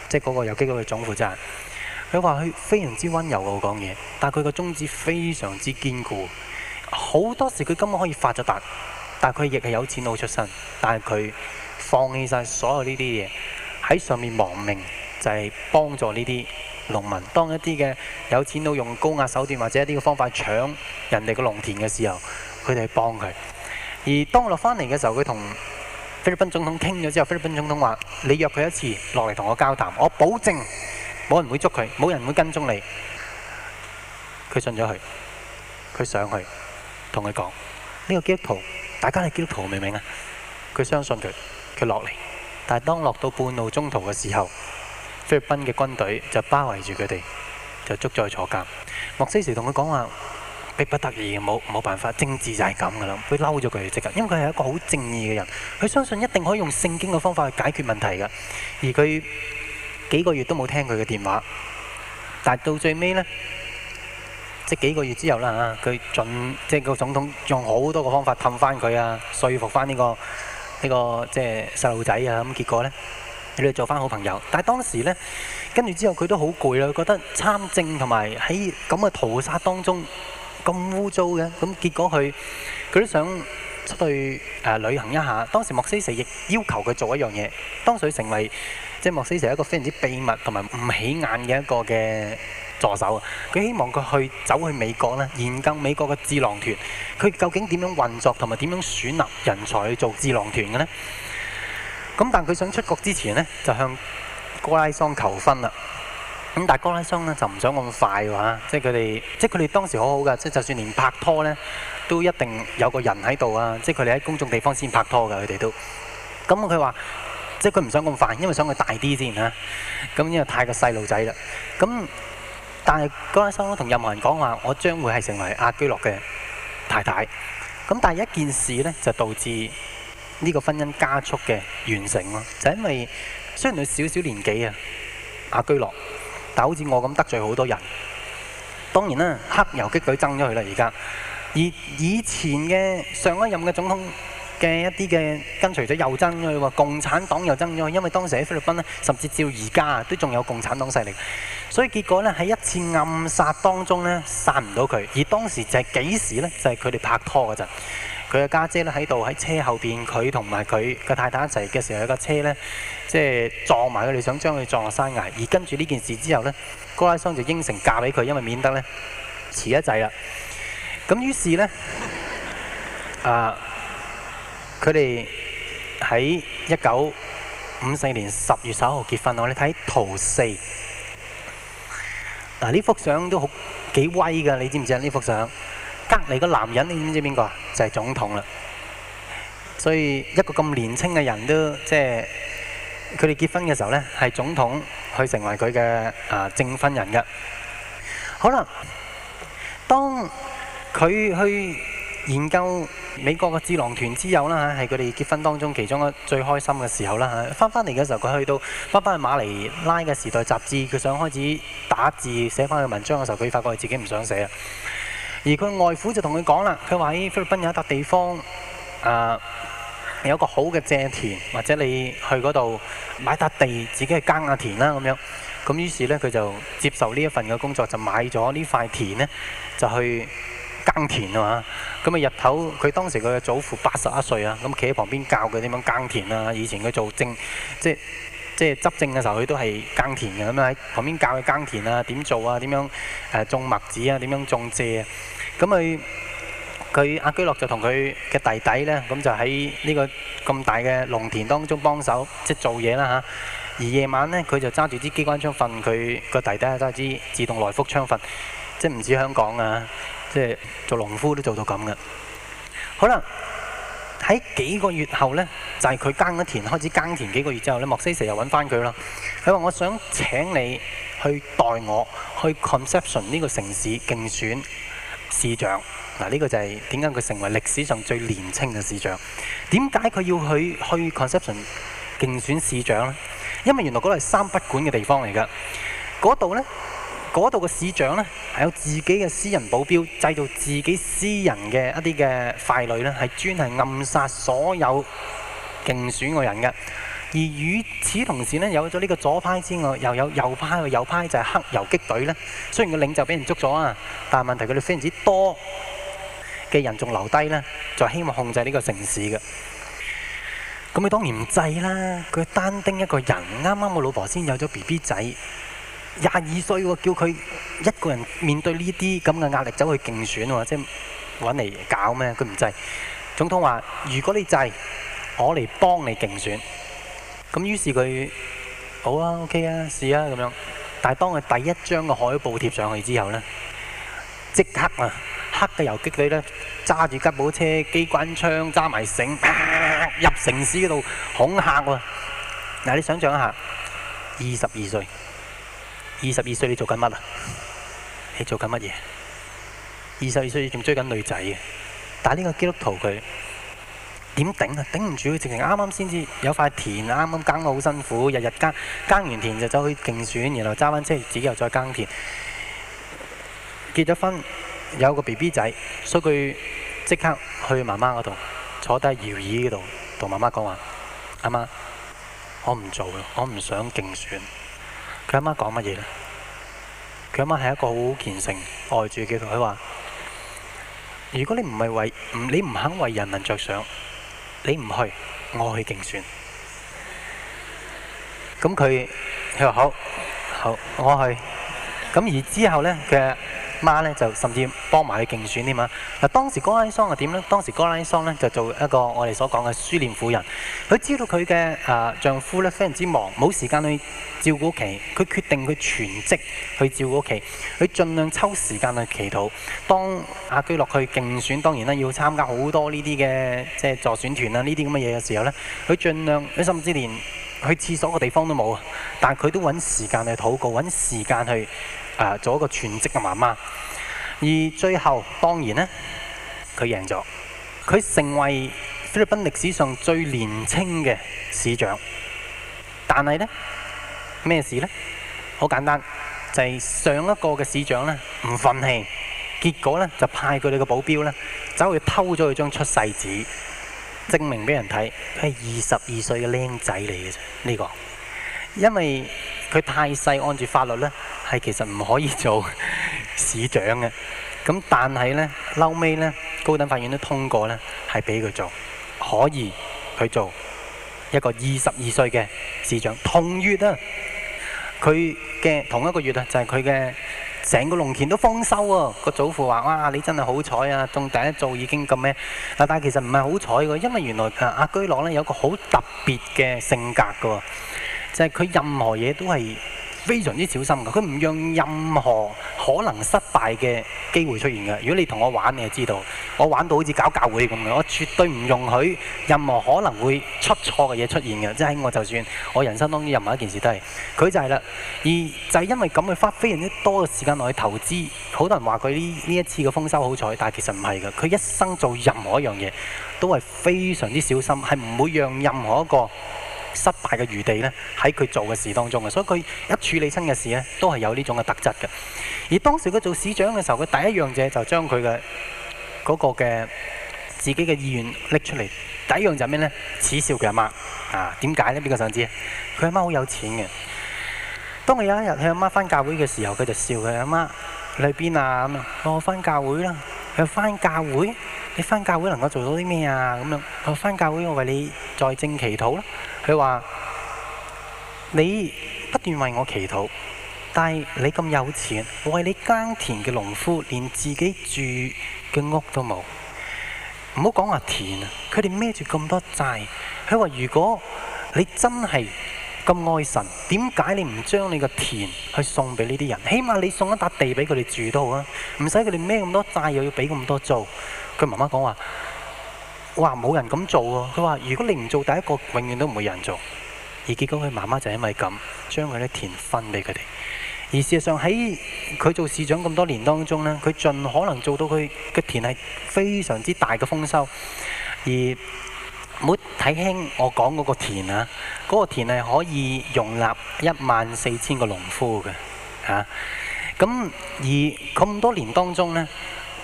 即係嗰個有機會嘅總負責，佢話佢非常之溫柔喎講嘢，但係佢個宗旨非常之堅固。好多時佢根本可以發咗達，但係佢亦係有錢佬出身，但係佢放棄晒所有呢啲嘢，喺上面亡命就係、是、幫助呢啲農民。當一啲嘅有錢佬用高壓手段或者一啲嘅方法搶人哋嘅農田嘅時候，佢哋去幫佢。而當我落翻嚟嘅時候，佢同。菲律賓總統傾咗之後，菲律賓總統話：你約佢一次落嚟同我交談，我保證冇人會捉佢，冇人會跟蹤你。佢信咗佢，佢上去同佢講：呢個基督徒，大家係基督徒明唔明啊？佢相信佢，佢落嚟，但係當落到半路中途嘅時候，菲律賓嘅軍隊就包圍住佢哋，就捉咗去坐監。莫西時同佢講話。迫不得已，冇冇辦法，政治就係咁噶啦。佢嬲咗佢即刻，因為佢係一個好正義嘅人，佢相信一定可以用聖經嘅方法去解決問題噶。而佢幾個月都冇聽佢嘅電話，但到最尾呢，即幾個月之後啦嚇，佢盡即個總統用好多個方法氹翻佢啊，說服翻、呢個、呢個呢、呢個即細路仔啊，咁、就是、結果呢，佢哋做翻好朋友。但係當時呢，跟住之後他很，佢都好攰啦，佢覺得參政同埋喺咁嘅屠殺當中。咁污糟嘅，咁結果佢佢都想出去、呃、旅行一下。當時莫斯科亦要求佢做一樣嘢。當佢成為即係、就是、莫斯科一個非常之秘密同埋唔起眼嘅一個嘅助手，佢希望佢去走去美國呢，研究美國嘅智囊團。佢究竟點樣運作同埋點樣選納人才去做智囊團嘅呢？咁但佢想出國之前呢，就向哥拉桑求婚啦。咁但係，高拉桑咧就唔想咁快喎，即係佢哋，即係佢哋當時好好噶，即係就算連拍拖咧都一定有個人喺度啊，即係佢哋喺公眾地方先拍拖噶，佢哋都咁佢話，即係佢唔想咁快，因為想佢大啲先啊。咁因為太過細路仔啦。咁但係高拉桑咧同任何人講話，我將會係成為亞居諾嘅太太。咁但係一件事咧就導致呢個婚姻加速嘅完成咯，就因為雖然佢小小年紀啊，亞居諾。但好似我咁得罪好多人，當然啦，黑游擊隊爭咗佢啦而家，而以前嘅上一任嘅總統嘅一啲嘅跟隨者又爭咗佢喎，共產黨又爭咗佢，因為當時喺菲律賓咧，甚至照而家啊，都仲有共產黨勢力，所以結果呢，喺一次暗殺當中呢，殺唔到佢，而當時就係幾時呢？就係佢哋拍拖嗰陣。佢嘅家姐咧喺度喺車後邊，佢同埋佢嘅太太一齊嘅時候，有架車咧，即係撞埋佢哋，想將佢撞落山崖。而跟住呢件事之後呢，高拉松就應承嫁俾佢，因為免得呢遲一滯啦。咁於是呢， 啊，佢哋喺一九五四年十月十五號結婚。我哋睇圖四，啊，嗱呢幅相都好幾威㗎，你知唔知啊？呢幅相？隔離個男人，你知唔知邊個啊？就係、是、總統啦。所以一個咁年輕嘅人都，即係佢哋結婚嘅時候呢，係總統去成為佢嘅啊證婚人嘅。好啦，當佢去研究美國嘅智囊團之友啦嚇，係佢哋結婚當中其中一最開心嘅時候啦嚇。翻返嚟嘅時候，佢、啊、去到返返去馬尼拉嘅《時代雜誌》，佢想開始打字寫返佢文章嘅時候，佢發覺佢自己唔想寫啊。而佢外父就同佢講啦，佢話喺菲律賓有一笪地方，誒、啊、有個好嘅蔗田，或者你去嗰度買笪地，自己去耕下田啦咁樣。咁於是呢，佢就接受呢一份嘅工作，就買咗呢塊田呢，就去耕田啊嘛。咁、嗯、啊日頭，佢當時佢嘅祖父八十一歲啊，咁企喺旁邊教佢點樣耕田啊。以前佢做政，即、就、係、是。即係執政嘅時候，佢都係耕田嘅，咁樣喺旁邊教佢耕田啊，點做啊，點樣誒種麥子啊，點樣種蔗啊，咁佢佢亞居諾就同佢嘅弟弟呢，咁就喺呢個咁大嘅農田當中幫手即係做嘢啦吓，而夜晚呢，佢就揸住支機關槍瞓，佢個弟弟揸支自動來福槍瞓，即係唔似香港啊，即係做農夫都做到咁嘅。好啦。喺幾個月後呢，就係、是、佢耕咗田，開始耕田幾個月之後呢，莫西斯又揾翻佢啦。佢話：我想請你去代我去 Conception 呢個城市競選市長。嗱、啊，呢、這個就係點解佢成為歷史上最年輕嘅市長？點解佢要去去 Conception 競選市長呢？因為原來嗰度係三不管嘅地方嚟㗎，嗰度呢。嗰度嘅市長呢，係有自己嘅私人保鏢，製造自己私人嘅一啲嘅傀儡呢，係專係暗殺所有競選嘅人嘅。而與此同時呢，有咗呢個左派之外，又有右派。右派就係黑游擊隊呢。雖然個領袖俾人捉咗啊，但係問題佢哋非常之多嘅人仲留低呢，就希望控制呢個城市嘅。咁佢當然唔制啦。佢單丁一個人，啱啱個老婆先有咗 BB 仔。廿二歲喎，叫佢一個人面對呢啲咁嘅壓力走去競選喎，即係揾嚟搞咩？佢唔制。總統話：如果你制，我嚟幫你競選。咁於是佢好啊，OK 啊，試啊咁樣。但係當佢第一張嘅海報貼上去之後呢，即刻啊，黑嘅遊擊隊呢，揸住吉普車、機關槍，揸埋繩、啊、入城市嗰度恐嚇喎。嗱，你想像一下，二十二歲。二十二歲你做緊乜啊？你做緊乜嘢？二十二歲仲追緊女仔，但係呢個基督徒佢點頂啊？頂唔住，佢直情啱啱先至有塊田，啱啱耕到好辛苦，日日耕，耕完田就走去競選，然後揸翻車自己又再耕田。結咗婚有個 BB 仔，所以佢即刻去媽媽嗰度坐低搖椅嗰度同媽媽講話：阿媽，媽，我唔做，我唔想競選。佢阿媽講乜嘢呢？佢阿媽係一個好虔誠、愛主嘅，佢話：如果你唔係為唔，你唔肯為人民著想，你唔去，我去競選。咁佢，佢話：好，好，我去。咁而之後呢，其實...媽咧就甚至幫埋佢競選添啊！嗱，當時哥拉桑係點呢？當時哥拉桑咧就做一個我哋所講嘅書念婦人。佢知道佢嘅啊丈夫咧非常之忙，冇時間去照顧屋企。佢決定佢全職去照顧屋企。佢儘量抽時間去祈禱。當阿居落去競選，當然啦，要參加好多呢啲嘅即係助選團啊，呢啲咁嘅嘢嘅時候咧，佢儘量，佢甚至連去廁所嘅地方都冇。啊。但係佢都揾時間去禱告，揾時間去。啊，做一個全職嘅媽媽，而最後當然呢，佢贏咗，佢成為菲律賓歷史上最年輕嘅市長。但係呢，咩事呢？好簡單，就係、是、上一個嘅市長呢唔憤氣，結果呢就派佢哋嘅保鏢呢走去偷咗佢張出世紙，證明俾人睇佢係二十二歲嘅僆仔嚟嘅啫，呢個。因為佢太細，按住法律呢，係其實唔可以做市長嘅。咁但係呢，嬲尾呢，高等法院都通過呢，係俾佢做，可以去做一個二十二歲嘅市長。同月啊，佢嘅同一個月啊，就係佢嘅成個農田都豐收啊。個祖父話：哇，你真係好彩啊！種第一次做已經咁咩。」但係其實唔係好彩嘅，因為原來阿居朗呢，有個好特別嘅性格嘅、啊。但係佢任何嘢都係非常之小心嘅，佢唔讓任何可能失敗嘅機會出現嘅。如果你同我玩，你就知道，我玩到好似搞教會咁樣，我絕對唔容許任何可能會出錯嘅嘢出現嘅。即係我就算我人生當中任何一件事都係，佢就係啦。而就係因為咁去花非常之多嘅時間落去投資，好多人話佢呢呢一次嘅豐收好彩，但係其實唔係嘅。佢一生做任何一樣嘢都係非常之小心，係唔會讓任何一個失敗嘅餘地呢，喺佢做嘅事當中嘅，所以佢一處理新嘅事呢，都係有呢種嘅特質嘅。而當時佢做市長嘅時候，佢第一樣嘢就將佢嘅嗰個嘅自己嘅意願拎出嚟。第一樣就係咩呢？恥笑佢阿媽啊。點解呢？邊個想知？佢阿媽好有錢嘅。當佢有一日佢阿媽翻教會嘅時候，佢就笑佢阿媽，你去邊啊咁啊？我翻教會啦。佢翻教會？你翻教會能夠做到啲咩啊？咁樣。我翻教會我為你在證祈禱啦。佢話：你不斷為我祈禱，但係你咁有錢，為你耕田嘅農夫，連自己住嘅屋都冇。唔好講話田啊，佢哋孭住咁多債。佢話：如果你真係咁愛神，點解你唔將你個田去送俾呢啲人？起碼你送一笪地俾佢哋住都好啊，唔使佢哋孭咁多債，又要俾咁多租。佢媽媽講話。哇！冇人咁做喎、啊。佢話：如果你唔做第一個，永遠都唔會有人做。而結果佢媽媽就因為咁，將佢啲田分俾佢哋。而事實上喺佢做市長咁多年當中呢，佢盡可能做到佢嘅田係非常之大嘅豐收。而冇睇輕我講嗰個田啊，嗰個田係可以容納一萬四千個農夫嘅嚇。咁、啊、而咁多年當中呢。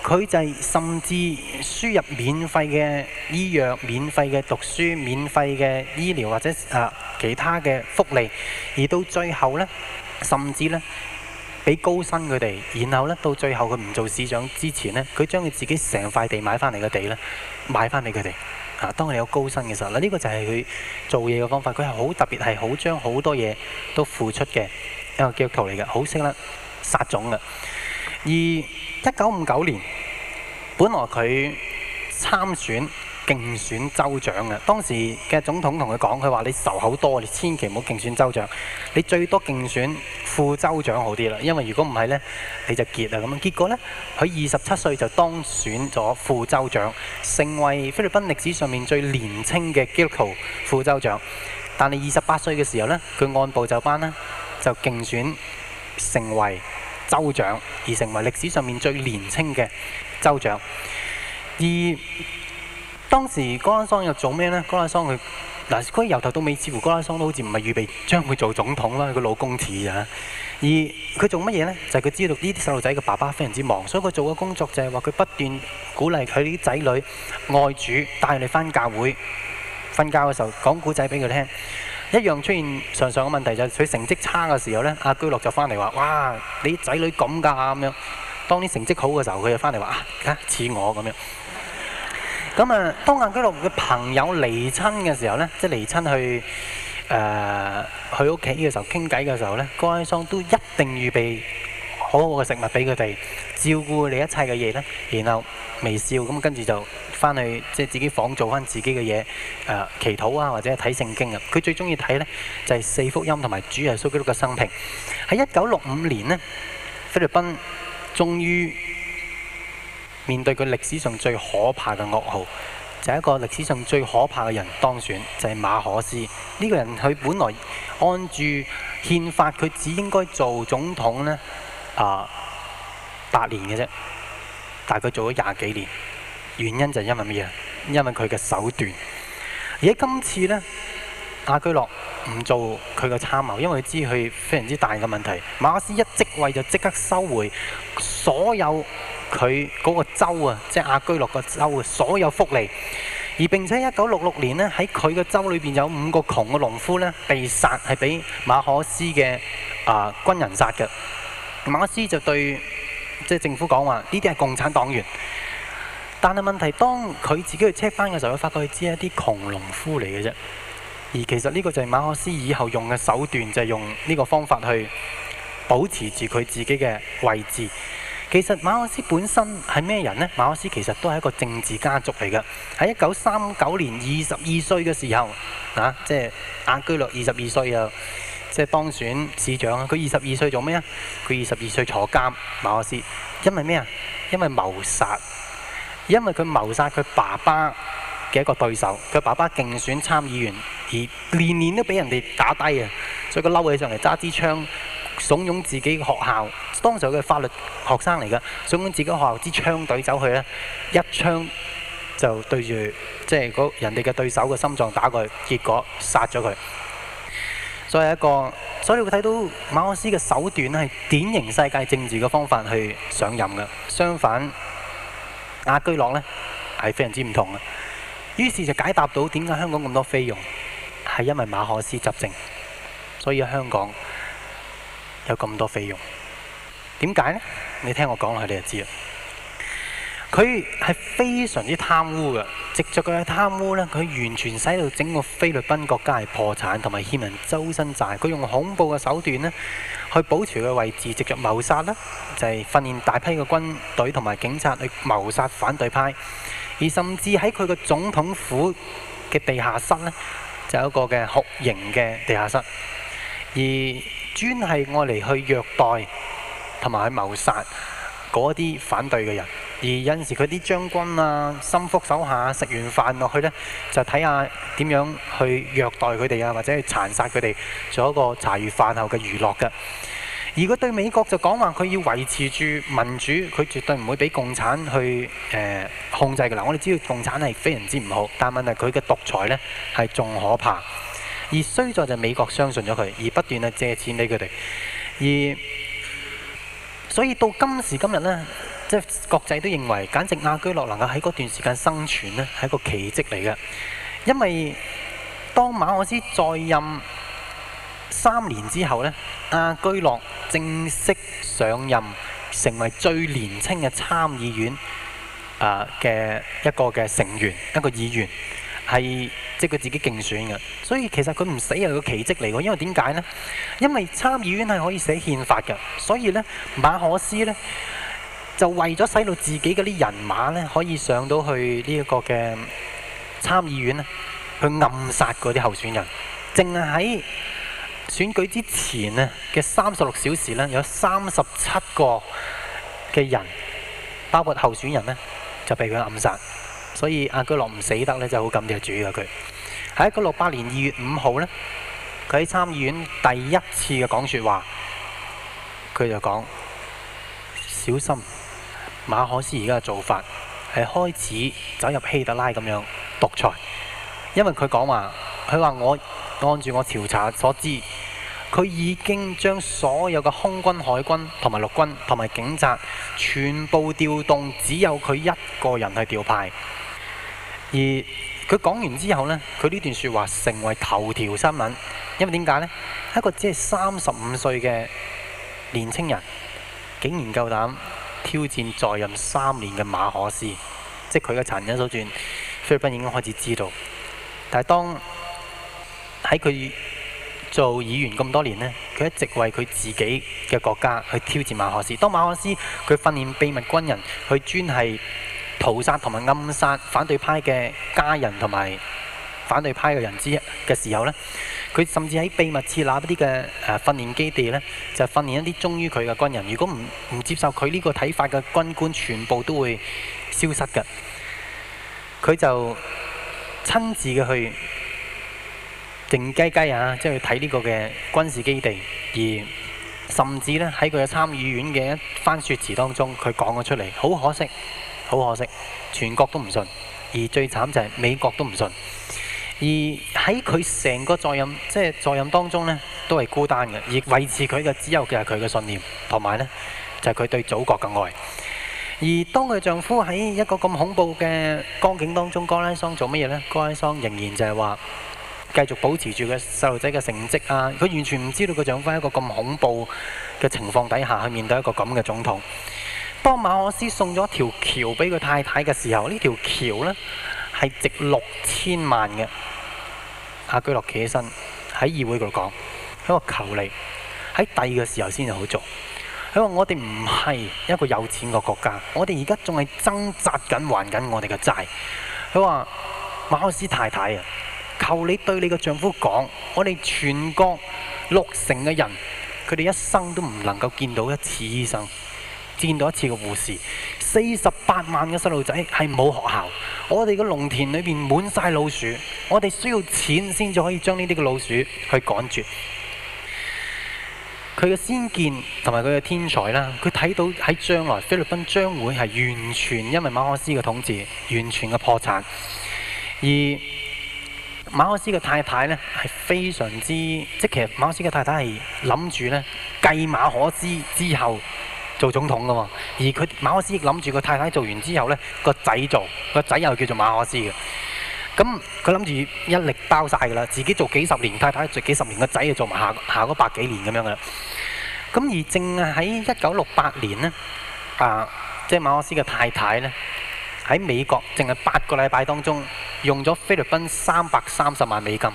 佢就係甚至輸入免費嘅醫藥、免費嘅讀書、免費嘅醫療或者啊其他嘅福利，而到最後呢，甚至呢俾高薪佢哋，然後呢，到最後佢唔做市長之前呢，佢將佢自己成塊地買翻嚟嘅地呢買翻俾佢哋啊！當佢有高薪嘅時候，嗱、這、呢個就係佢做嘢嘅方法，佢係好特別，係好將好多嘢都付出嘅一個叫求嚟嘅，好識啦，殺種嘅，而。一九五九年，本來佢參選競選州長嘅，當時嘅總統同佢講：，佢話你仇口多，你千祈唔好競選州長，你最多競選副州長好啲啦。因為如果唔係呢，你就結啦咁啊。結果呢，佢二十七歲就當選咗副州長，成為菲律賓歷史上面最年輕嘅 g e r a l d 副州長。但係二十八歲嘅時候呢，佢按部就班呢，就競選成為。州長，而成為歷史上面最年輕嘅州長。而當時戈拉桑又做咩呢？戈拉桑佢嗱，佢由頭到尾似乎戈拉桑都好似唔係預備將會做總統啦，佢個老公似啊。而佢做乜嘢呢？就係、是、佢知道呢啲細路仔嘅爸爸非常之忙，所以佢做嘅工作就係話佢不斷鼓勵佢啲仔女愛主，帶嚟返教會，瞓覺嘅時候講古仔俾佢聽。一樣出現常常嘅問題就係、是、佢成績差嘅時候呢，亞居諾就返嚟話：，哇，你仔女咁㗎咁樣。當你成績好嘅時候，佢就返嚟話：，啊，似我咁樣。咁啊，當亞居諾嘅朋友離親嘅時候呢，即係離親去誒、呃、去屋企嘅時候傾偈嘅時候呢高安桑都一定預備。好好嘅食物俾佢哋照顧，你一切嘅嘢咧，然後微笑咁，跟住就翻去即係自己房做翻自己嘅嘢，誒、呃、祈禱啊，或者睇聖經啊。佢最中意睇呢，就係、是、四福音同埋主耶穌基督嘅生平。喺一九六五年呢，菲律賓終於面對佢歷史上最可怕嘅噩耗，就係、是、一個歷史上最可怕嘅人當選，就係、是、馬可斯。呢、這個人。佢本來按住憲法，佢只應該做總統呢。啊，八、uh, 年嘅啫，大概做咗廿幾年，原因就因為乜嘢？因為佢嘅手段。而家今次呢，亞居諾唔做佢嘅參謀，因為佢知佢非常之大嘅問題。馬可斯一即位就即刻收回所有佢嗰個州啊，即係亞居諾個州嘅所有福利。而並且一九六六年呢，喺佢個州裏邊有五個窮嘅農夫呢，被殺，係俾馬可斯嘅啊軍人殺嘅。馬克思就對即係、就是、政府講話：呢啲係共產黨員，但係問題是當佢自己去 check 翻嘅時候，佢發覺佢只係一啲窮農夫嚟嘅啫。而其實呢個就係馬克思以後用嘅手段，就係、是、用呢個方法去保持住佢自己嘅位置。其實馬克思本身係咩人呢？馬克思其實都係一個政治家族嚟嘅。喺一九三九年二十二歲嘅時候，啊，即係亞居諾二十二歲又，即係當選市長啊！佢二十二歲做咩啊？佢二十二歲坐監，馬可斯，因為咩啊？因為謀殺，因為佢謀殺佢爸爸嘅一個對手，佢爸爸競選參議員，而年年都俾人哋打低啊！所以佢嬲起上嚟，揸支槍，慫恿自己嘅學校，當時佢係法律學生嚟噶，慫恿自己的學校支槍隊走去咧，一槍就對住即係人哋嘅對手嘅心臟打過去，結果殺咗佢。所以一個，所以你會睇到馬可思嘅手段咧，係典型世界政治嘅方法去上任嘅。相反，亞居諾呢係非常之唔同嘅。於是就解答到點解香港咁多費用，係因為馬可思執政，所以香港有咁多費用。點解呢？你聽我講落去你就知啦。佢係非常之貪污嘅，藉著佢嘅貪污呢，佢完全使到整個菲律賓國家係破產同埋欠人周身債。佢用恐怖嘅手段呢，去保持佢位置，藉著謀殺咧，就係、是、訓練大批嘅軍隊同埋警察去謀殺反對派。而甚至喺佢嘅總統府嘅地下室呢，就有一個嘅酷刑嘅地下室，而專係愛嚟去虐待同埋去謀殺嗰啲反對嘅人。而有陣時，佢啲將軍啊、心腹手下食完飯落去呢，就睇下點樣去虐待佢哋啊，或者去殘殺佢哋，做一個茶餘飯後嘅娛樂嘅。而佢對美國就講話，佢要維持住民主，佢絕對唔會俾共產去誒、呃、控制嘅啦。我哋知道共產係非常之唔好，但問題佢嘅獨裁呢係仲可怕。而衰在就美國相信咗佢，而不斷啊借錢俾佢哋。而所以到今時今日呢。即係國際都認為，簡直亞居諾能夠喺嗰段時間生存呢係一個奇蹟嚟嘅。因為當馬可思再任三年之後呢，亞居諾正式上任，成為最年輕嘅參議院嘅一個嘅成員，一個議員係即係佢自己競選嘅。所以其實佢唔死係個奇蹟嚟嘅，因為點解呢？因為參議院係可以寫憲法嘅，所以呢，馬可思呢。就為咗使到自己嗰啲人馬呢，可以上到去呢一個嘅參議院呢，去暗殺嗰啲候選人。淨係選舉之前呢嘅三十六小時呢，有三十七個嘅人，包括候選人呢就被佢暗殺。所以亞居諾唔死得呢，就好感謝主啊佢。喺一九六八年二月五號呢佢喺參議院第一次嘅講説話，佢就講：小心！馬可思而家嘅做法係開始走入希特拉咁樣獨裁，因為佢講話，佢話我按住我調查所知，佢已經將所有嘅空軍、海軍同埋陸軍同埋警察全部調動，只有佢一個人去調派。而佢講完之後呢，佢呢段説話成為頭條新聞，因為點解呢？一個只係三十五歲嘅年青人，竟然夠膽！挑戰在任三年嘅馬可斯，即係佢嘅殘忍手段。菲律賓已經開始知道，但係當喺佢做議員咁多年呢，佢一直為佢自己嘅國家去挑戰馬可斯。當馬可斯佢訓練秘密軍人，佢專係屠殺同埋暗殺反對派嘅家人同埋。反對派嘅人之一嘅時候呢，佢甚至喺秘密設立一啲嘅誒訓練基地呢，就訓練一啲忠於佢嘅軍人。如果唔唔接受佢呢個睇法嘅軍官，全部都會消失嘅。佢就親自嘅去靜雞雞啊，即係去睇呢個嘅軍事基地，而甚至呢，喺佢嘅參議院嘅一番説辭當中，佢講咗出嚟。好可惜，好可惜，全國都唔信，而最慘就係美國都唔信。而喺佢成個在任，即係在任當中呢，都係孤單嘅，而維持佢嘅只有嘅係佢嘅信念，同埋呢，就係佢對祖國嘅愛。而當佢丈夫喺一個咁恐怖嘅光景當中，哥拉桑做乜嘢呢？哥拉桑仍然就係話繼續保持住嘅細路仔嘅成績啊！佢完全唔知道佢丈夫喺一個咁恐怖嘅情況底下去面對一個咁嘅總統。當馬可斯送咗條橋俾佢太太嘅時候，呢條橋呢。係值六千萬嘅，亞居諾企起身喺議會度講，佢話求你喺第二個時候先至好做。佢話：我哋唔係一個有錢嘅國家，我哋而家仲係掙扎緊還緊我哋嘅債。佢話：馬斯太太啊，求你對你嘅丈夫講，我哋全國六成嘅人，佢哋一生都唔能夠見到一次醫生。見到一次嘅護士，四十八萬嘅細路仔係冇學校。我哋嘅農田裏面滿晒老鼠，我哋需要錢先至可以將呢啲嘅老鼠去趕絕。佢嘅先見同埋佢嘅天才啦，佢睇到喺將來菲律賓將會係完全因為馬可思嘅統治，完全嘅破產。而馬可思嘅太太呢，係非常之，即其實馬可思嘅太太係諗住呢，繼馬可思之後。做總統噶喎，而佢馬可思亦諗住個太太做完之後呢，個仔做，個仔又叫做馬可思嘅。咁佢諗住一力包晒㗎啦，自己做幾十年太太，做幾十年個仔就做埋下下百幾年咁樣啦。咁而正喺一九六八年呢，啊，即係馬可思嘅太太呢，喺美國淨係八個禮拜當中用咗菲律賓三百三十萬美金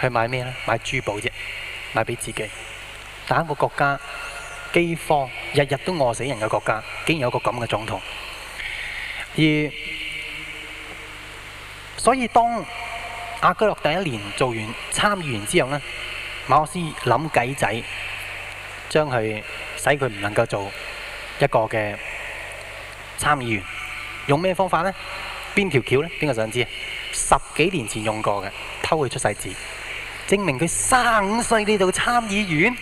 去買咩呢？買珠寶啫，買俾自己，單一個國家。饑荒日日都餓死人嘅國家，竟然有個咁嘅總統。而所以當亞居諾第一年做完參議員之後呢，馬可斯諗計仔，將佢使佢唔能夠做一個嘅參議員。用咩方法呢？邊條橋呢？邊個想知？十幾年前用過嘅，偷佢出世紙，證明佢三五歲呢度參議員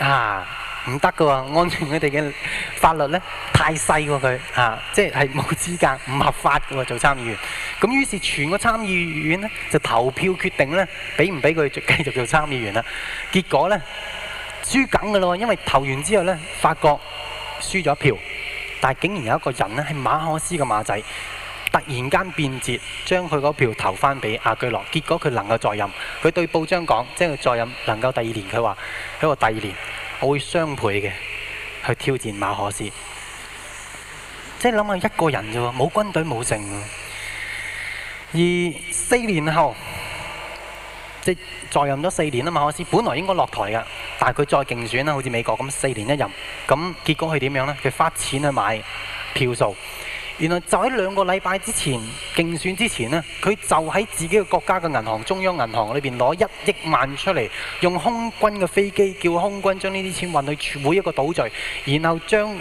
啊！唔得噶喎，按照佢哋嘅法律咧，太細過佢，啊，即係冇資格，唔合法嘅喎做參議員。咁於是全個參議院咧就投票決定咧，俾唔俾佢做繼續做參議員啦？結果咧輸緊嘅咯，因為投完之後咧，發覺輸咗一票，但係竟然有一個人咧係馬可斯嘅馬仔，突然間變節，將佢嗰票投翻俾亞居諾。結果佢能夠再任，佢對報章講，即係佢再任能夠第二年，佢話喺我第二年。我會雙倍嘅去挑戰馬可斯，即係諗下一個人啫喎，冇軍隊冇剩。而四年後，即係在任咗四年啦，馬可斯本來應該落台噶，但係佢再競選啦，好似美國咁四年一任，咁結果係點樣呢？佢花錢去買票數。原來就喺兩個禮拜之前競選之前呢，佢就喺自己嘅國家嘅銀行、中央銀行裏邊攞一億萬出嚟，用空軍嘅飛機叫空軍將呢啲錢運去每一個島嶼，然後將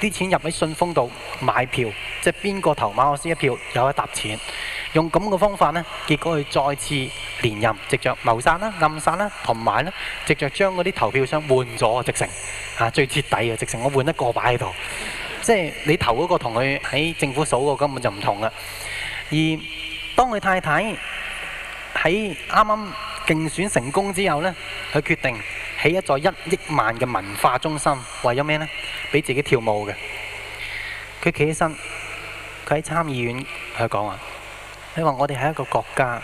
啲錢入喺信封度買票，即係邊個投馬可斯一票有一沓錢，用咁嘅方法呢，結果佢再次連任，藉著謀殺啦、暗殺啦，同埋呢，藉著將嗰啲投票箱換咗直成嚇最徹底嘅直成，最直成我換一個擺喺度。即係你投嗰個同佢喺政府數個根本就唔同啦。而當佢太太喺啱啱競選成功之後呢，佢決定起一座一億萬嘅文化中心，為咗咩呢？俾自己跳舞嘅。佢企起身，佢喺參議院佢講話：你話我哋係一個國家，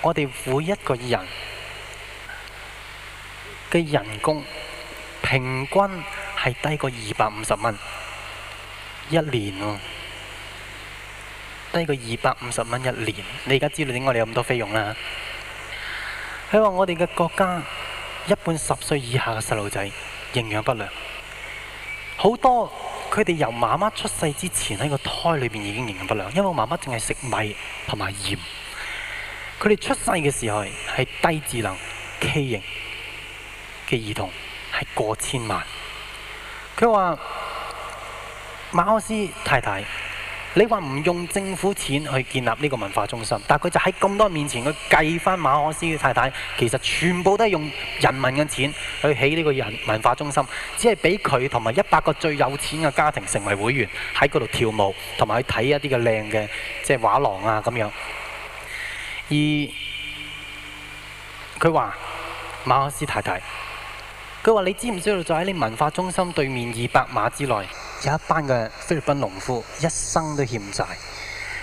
我哋每一個人嘅人工平均係低過二百五十蚊。一年喎，低過二百五十蚊一年。你而家知道點解我哋有咁多費用啦？佢話我哋嘅國家一半十歲以下嘅細路仔營養不良，好多佢哋由媽媽出世之前喺個胎裏面已經營養不良，因為媽媽淨係食米同埋鹽。佢哋出世嘅時候係低智能畸形嘅兒童，係過千萬。佢話。馬可斯太太，你話唔用政府錢去建立呢個文化中心，但係佢就喺咁多面前去計返馬可斯嘅太太，其實全部都係用人民嘅錢去起呢個人文化中心，只係俾佢同埋一百個最有錢嘅家庭成為會員喺嗰度跳舞，同埋去睇一啲嘅靚嘅即係畫廊啊咁樣。而佢話馬可斯太太，佢話你知唔知道？就喺你文化中心對面二百碼之內。有一班嘅菲律賓農夫，一生都欠債。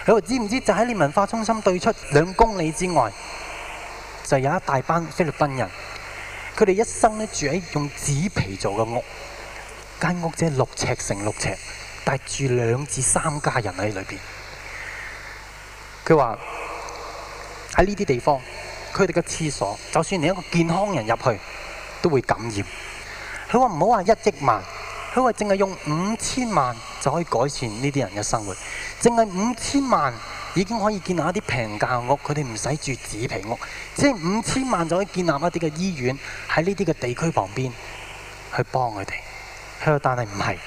你話：知唔知就喺你文化中心對出兩公里之外，就有一大班菲律賓人。佢哋一生呢住喺用紙皮做嘅屋，間、這個、屋只係六尺乘六尺，但係住兩至三家人喺裏邊。佢話喺呢啲地方，佢哋嘅廁所，就算你一個健康人入去，都會感染。佢話唔好話一億萬。佢話：淨係用五千萬就可以改善呢啲人嘅生活，淨係五千萬已經可以建立一啲平價屋，佢哋唔使住紙皮屋。即係五千萬就可以建立一啲嘅醫院喺呢啲嘅地區旁邊，去幫佢哋。佢話但係唔係。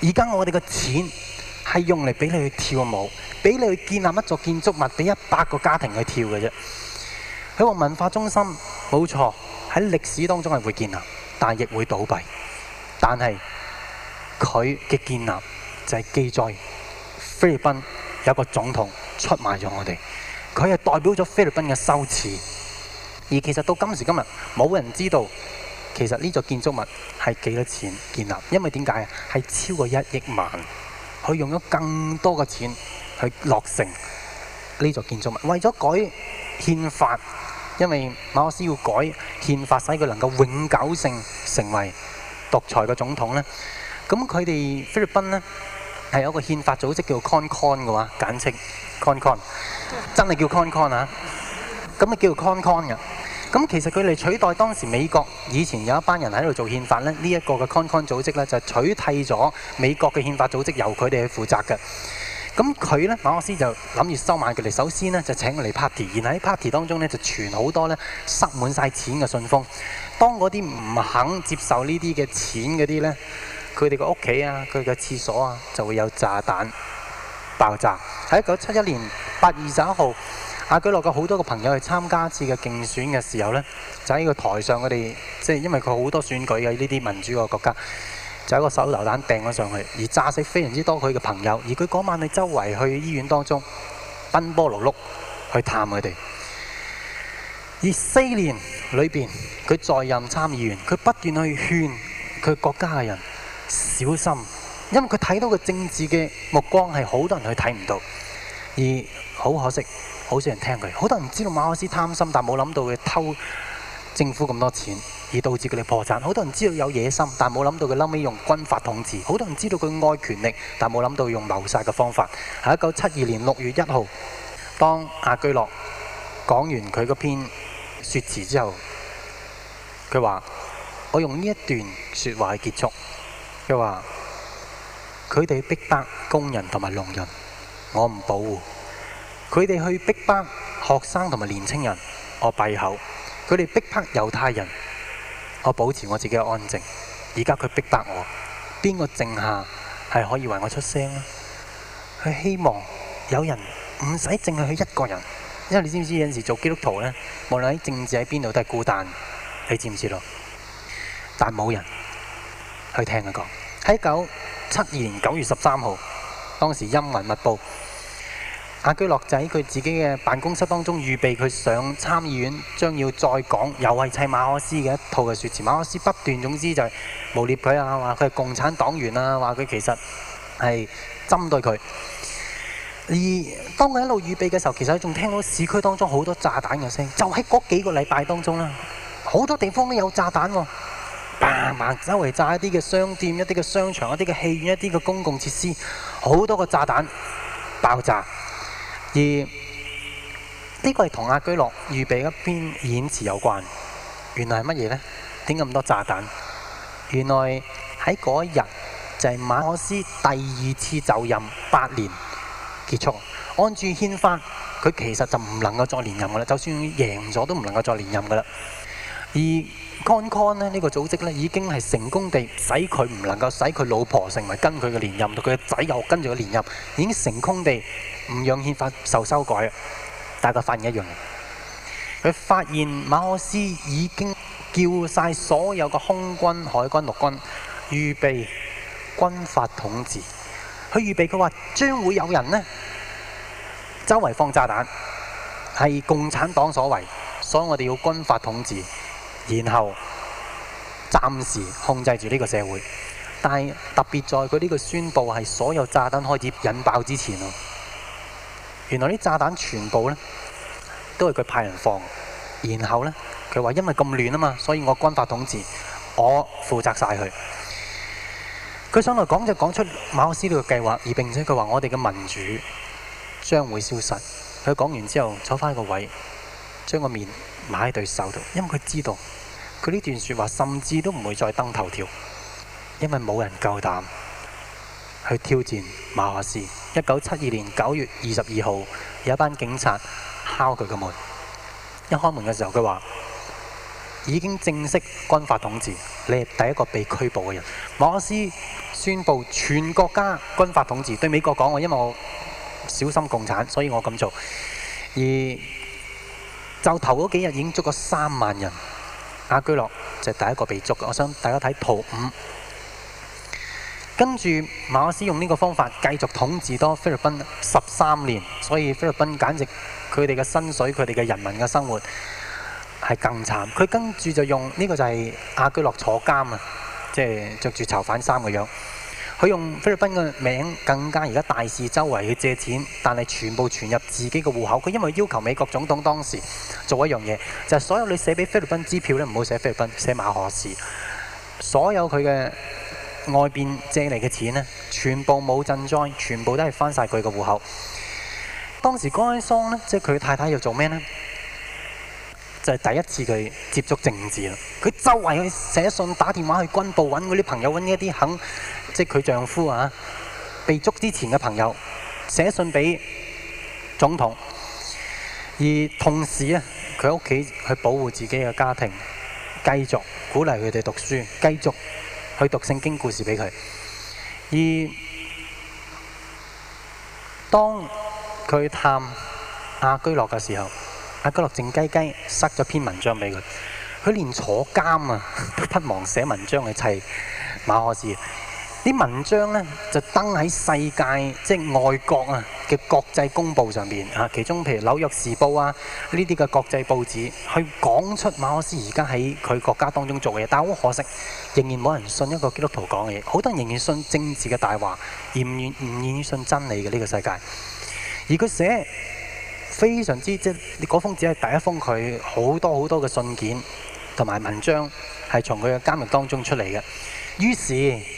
而家我哋嘅錢係用嚟俾你去跳舞，俾你去建立一座建築物，俾一百個家庭去跳嘅啫。佢話文化中心冇錯喺歷史當中係會建立，但亦會倒閉。但係。佢嘅建立就係記載菲律賓有個總統出賣咗我哋，佢係代表咗菲律賓嘅羞恥。而其實到今時今日，冇人知道其實呢座建築物係幾多錢建立，因為點解啊？係超過一億萬，佢用咗更多嘅錢去落成呢座建築物，為咗改憲法，因為馬克思要改憲法，使佢能夠永久性成為獨裁嘅總統咧。咁佢哋菲律賓呢，係有個個憲法組織叫 Con-Con 嘅話簡稱 Con-Con，Con, 真係叫 Con-Con Con 啊！咁啊叫 Con-Con 嘅。咁其實佢哋取代當時美國以前有一班人喺度做憲法咧，呢、這、一個嘅 Con Con-Con 組織咧就是、取替咗美國嘅憲法組織，由佢哋去負責嘅。咁佢呢，馬可斯就諗住收買佢哋，首先呢，就請佢嚟 party，然後喺 party 當中呢，就存好多呢塞滿曬錢嘅信封。當嗰啲唔肯接受呢啲嘅錢嗰啲呢。佢哋個屋企啊，佢個廁所啊，就會有炸彈爆炸。喺一九七一年八月二十一號，亞居諾嘅好多個朋友去參加一次嘅競選嘅時候呢，就喺個台上，佢哋即係因為佢好多選舉嘅呢啲民主嘅國家，就一個手榴彈掟咗上去，而炸死非常之多佢嘅朋友。而佢嗰晚喺周圍去醫院當中奔波勞碌去探佢哋。而四年裏邊，佢在任參議員，佢不斷去勸佢國家嘅人。小心，因為佢睇到嘅政治嘅目光係好多人去睇唔到，而好可惜，好少人聽佢。好多人知道馬可斯貪心，但冇諗到佢偷政府咁多錢，而導致佢哋破產。好多人知道有野心，但冇諗到佢後尾用軍法統治。好多人知道佢愛權力，但冇諗到用謀殺嘅方法。喺一九七二年六月一號，當亞居諾講完佢嗰篇說辭之後，佢話：我用呢一段說話去結束。佢話佢哋逼迫工人同埋農人，我唔保護；佢哋去逼迫學生同埋年青人，我閉口；佢哋逼迫猶太人，我保持我自己嘅安靜。而家佢逼迫我，邊個靜下係可以為我出聲咧？佢希望有人唔使淨係佢一個人，因為你知唔知有陣時做基督徒咧，無論喺政治喺邊度都係孤單，你知唔知道？但冇人。佢聽佢講喺一九七二年九月十三號，當時陰雲密布。亞居諾仔佢自己嘅辦公室當中預備佢上參議院，將要再講又係砌馬可斯嘅一套嘅説詞。馬可斯不斷，總之就係誣衊佢啊嘛，話佢係共產黨員啊，話佢其實係針對佢。而當佢一路預備嘅時候，其實仲聽到市區當中好多炸彈嘅聲，就喺嗰幾個禮拜當中啦，好多地方都有炸彈喎。唪唪，周圍炸一啲嘅商店、一啲嘅商場、一啲嘅戲院、一啲嘅公共設施，好多個炸彈爆炸。而呢個係同亞居諾預備一篇演詞有關。原來係乜嘢呢？點解咁多炸彈？原來喺嗰日就係、是、馬可斯第二次就任八年結束。按住憲法，佢其實就唔能夠再連任噶啦。就算贏咗都唔能夠再連任噶啦。而 Con-Con 呢個組織呢，已經係成功地使佢唔能夠使佢老婆成為跟佢嘅連任，同佢嘅仔又跟住佢連任，已經成功地唔讓憲法受修改。大家發現一樣。佢發現馬可斯已經叫晒所有嘅空軍、海軍、陸軍預備軍法統治。佢預備，佢話將會有人呢，周圍放炸彈，係共產黨所為，所以我哋要軍法統治。然後暫時控制住呢個社會，但係特別在佢呢個宣佈係所有炸彈開始引爆之前喎，原來啲炸彈全部呢都係佢派人放。然後呢，佢話因為咁亂啊嘛，所以我軍法統治，我負責晒佢。佢上嚟講就講出馬克思呢個計劃，而並且佢話我哋嘅民主將會消失。佢講完之後坐翻個位，將個面埋喺對手度，因為佢知道。佢呢段說話甚至都唔會再登頭條，因為冇人夠膽去挑戰馬可斯。一九七二年九月二十二號，有一班警察敲佢嘅門。一開門嘅時候，佢話：已經正式軍法統治，你係第一個被拘捕嘅人。馬可斯宣布全國家軍法統治。對美國講，我因為我小心共產，所以我咁做。而就頭嗰幾日已經捉過三萬人。亞居諾就係第一個被捉，我想大家睇圖五。跟住馬斯用呢個方法繼續統治多菲律賓十三年，所以菲律賓簡直佢哋嘅薪水、佢哋嘅人民嘅生活係更慘。佢跟住就用呢、這個就係亞居諾坐監啊，即、就、係、是、著住囚犯衫嘅樣。佢用菲律賓嘅名更加而家大肆周圍去借錢，但係全部存入自己嘅戶口。佢因為要求美國總統當時做一樣嘢，就係、是、所有你寫俾菲律賓支票咧，唔好寫菲律賓，寫馬可士。所有佢嘅外邊借嚟嘅錢呢全部冇賑災，全部都係翻晒佢嘅戶口。當時關梭呢，即係佢太太要做咩呢？就係、是、第一次佢接觸政治啦。佢周圍去寫信、打電話去軍部揾嗰啲朋友揾呢一啲肯。即佢丈夫啊，被捉之前嘅朋友寫信俾總統，而同時呢，佢屋企去保護自己嘅家庭，繼續鼓勵佢哋讀書，繼續去讀聖經故事俾佢。而當佢探亞居諾嘅時候，亞居諾靜雞雞塞咗篇文章俾佢，佢連坐監啊，都不忘寫文章去砌馬可斯。啲文章呢，就登喺世界即係、就是、外國啊嘅國際公報上面。啊，其中譬如紐約時報啊呢啲嘅國際報紙，去講出馬可斯而家喺佢國家當中做嘅嘢。但係好可惜，仍然冇人信一個基督徒講嘅嘢，好多人仍然信政治嘅大話，而唔願唔願意信真理嘅呢個世界。而佢寫非常之即係，嗰封只係第一封，佢好多好多嘅信件同埋文章係從佢嘅監獄當中出嚟嘅。於是。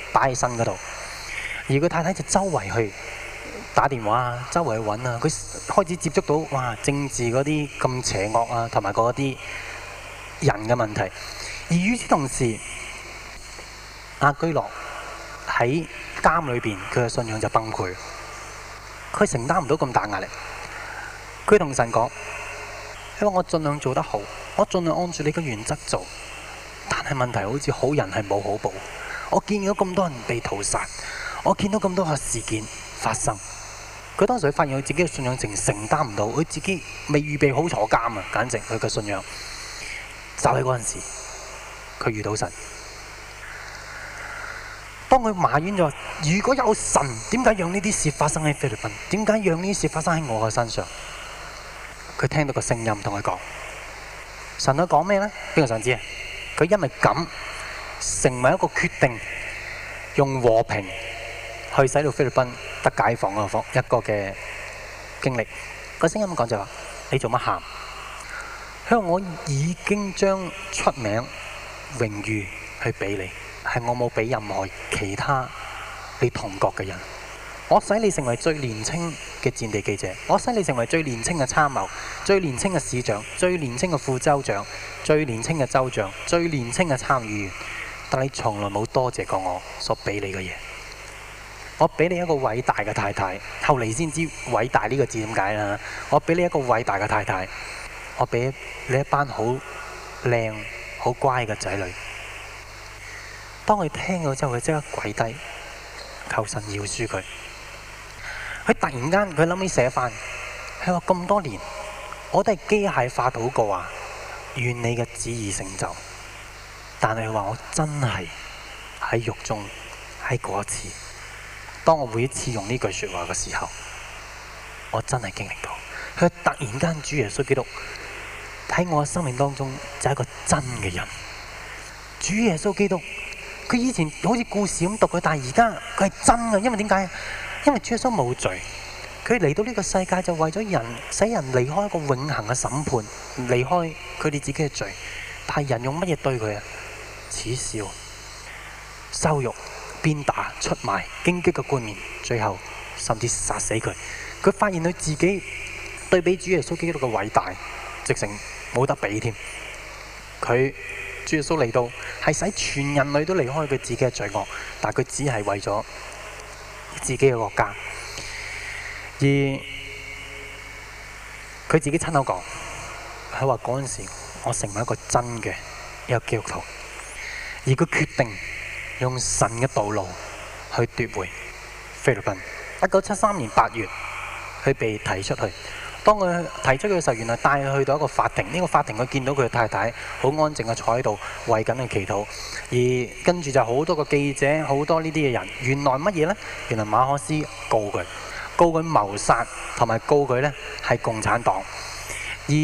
擺喺身嗰度，而佢太太就周圍去打電話啊，周圍去揾啊，佢開始接觸到哇政治嗰啲咁邪惡啊，同埋嗰啲人嘅問題。而與此同時，阿居樂喺監裏邊，佢嘅信仰就崩潰，佢承擔唔到咁大壓力。佢同神講：希望我盡量做得好，我盡量按住你個原則做，但係問題好似好人係冇好報。我見到咁多人被屠殺，我見到咁多個事件發生，佢當時佢發現佢自己嘅信仰情承擔唔到，佢自己未預備好坐監啊！簡直佢嘅信仰，就喺嗰陣時，佢遇到神。當佢埋怨咗，如果有神，點解讓呢啲事發生喺菲律賓？點解讓呢啲事發生喺我嘅身上？佢聽到個聲音同佢講：神佢講咩呢？邊個想知啊？佢因為咁，成為一個決定，用和平去使到菲律賓得解放嘅一個嘅經歷。那個聲音咁講就話、是：你做乜喊？因為我已經將出名榮譽去俾你，係我冇俾任何其他你同國嘅人。我使你成為最年輕嘅戰地記者，我使你成為最年輕嘅參謀、最年輕嘅市長、最年輕嘅副州長、最年輕嘅州長、最年輕嘅參議員。但你從來冇多謝過我所俾你嘅嘢。我俾你一個偉大嘅太太，後嚟先知偉大呢個字點解啦？我俾你一個偉大嘅太太，我俾你一班好靚、好乖嘅仔女。當佢聽咗之後，佢即刻跪低，求神饒恕佢。佢突然間，佢諗起寫返：「佢話咁多年，我哋係機械化禱告啊！願你嘅旨意成就。但係佢話，我真係喺獄中喺嗰一次，當我每一次用呢句說話嘅時候，我真係經歷到佢突然間主耶穌基督喺我嘅生命當中就係一個真嘅人。主耶穌基督，佢以前好似故事咁讀佢，但係而家佢係真嘅，因為點解？因為主耶穌冇罪，佢嚟到呢個世界就為咗人，使人離開一個永恆嘅審判，離開佢哋自己嘅罪。但係人用乜嘢對佢啊？恥笑、羞辱、鞭打、出賣、荊棘嘅冠冕，最後甚至殺死佢。佢發現佢自己對比主耶穌基督嘅偉大，直情冇得比添。佢主耶穌嚟到，係使全人類都離開佢自己嘅罪惡，但佢只係為咗自己嘅國家。而佢自己親口講，佢話嗰陣時，我成為一個真嘅一個基督徒。而佢決定用神嘅道路去奪回菲律賓。一九七三年八月，佢被提出去。當佢提出去嘅時候，原來帶佢去到一個法庭。呢個法庭佢見到佢嘅太太好安靜嘅坐喺度，為緊佢祈禱。而跟住就好多個記者，好多呢啲嘅人。原來乜嘢呢？原來馬可斯告佢，告佢謀殺，同埋告佢呢係共產黨。而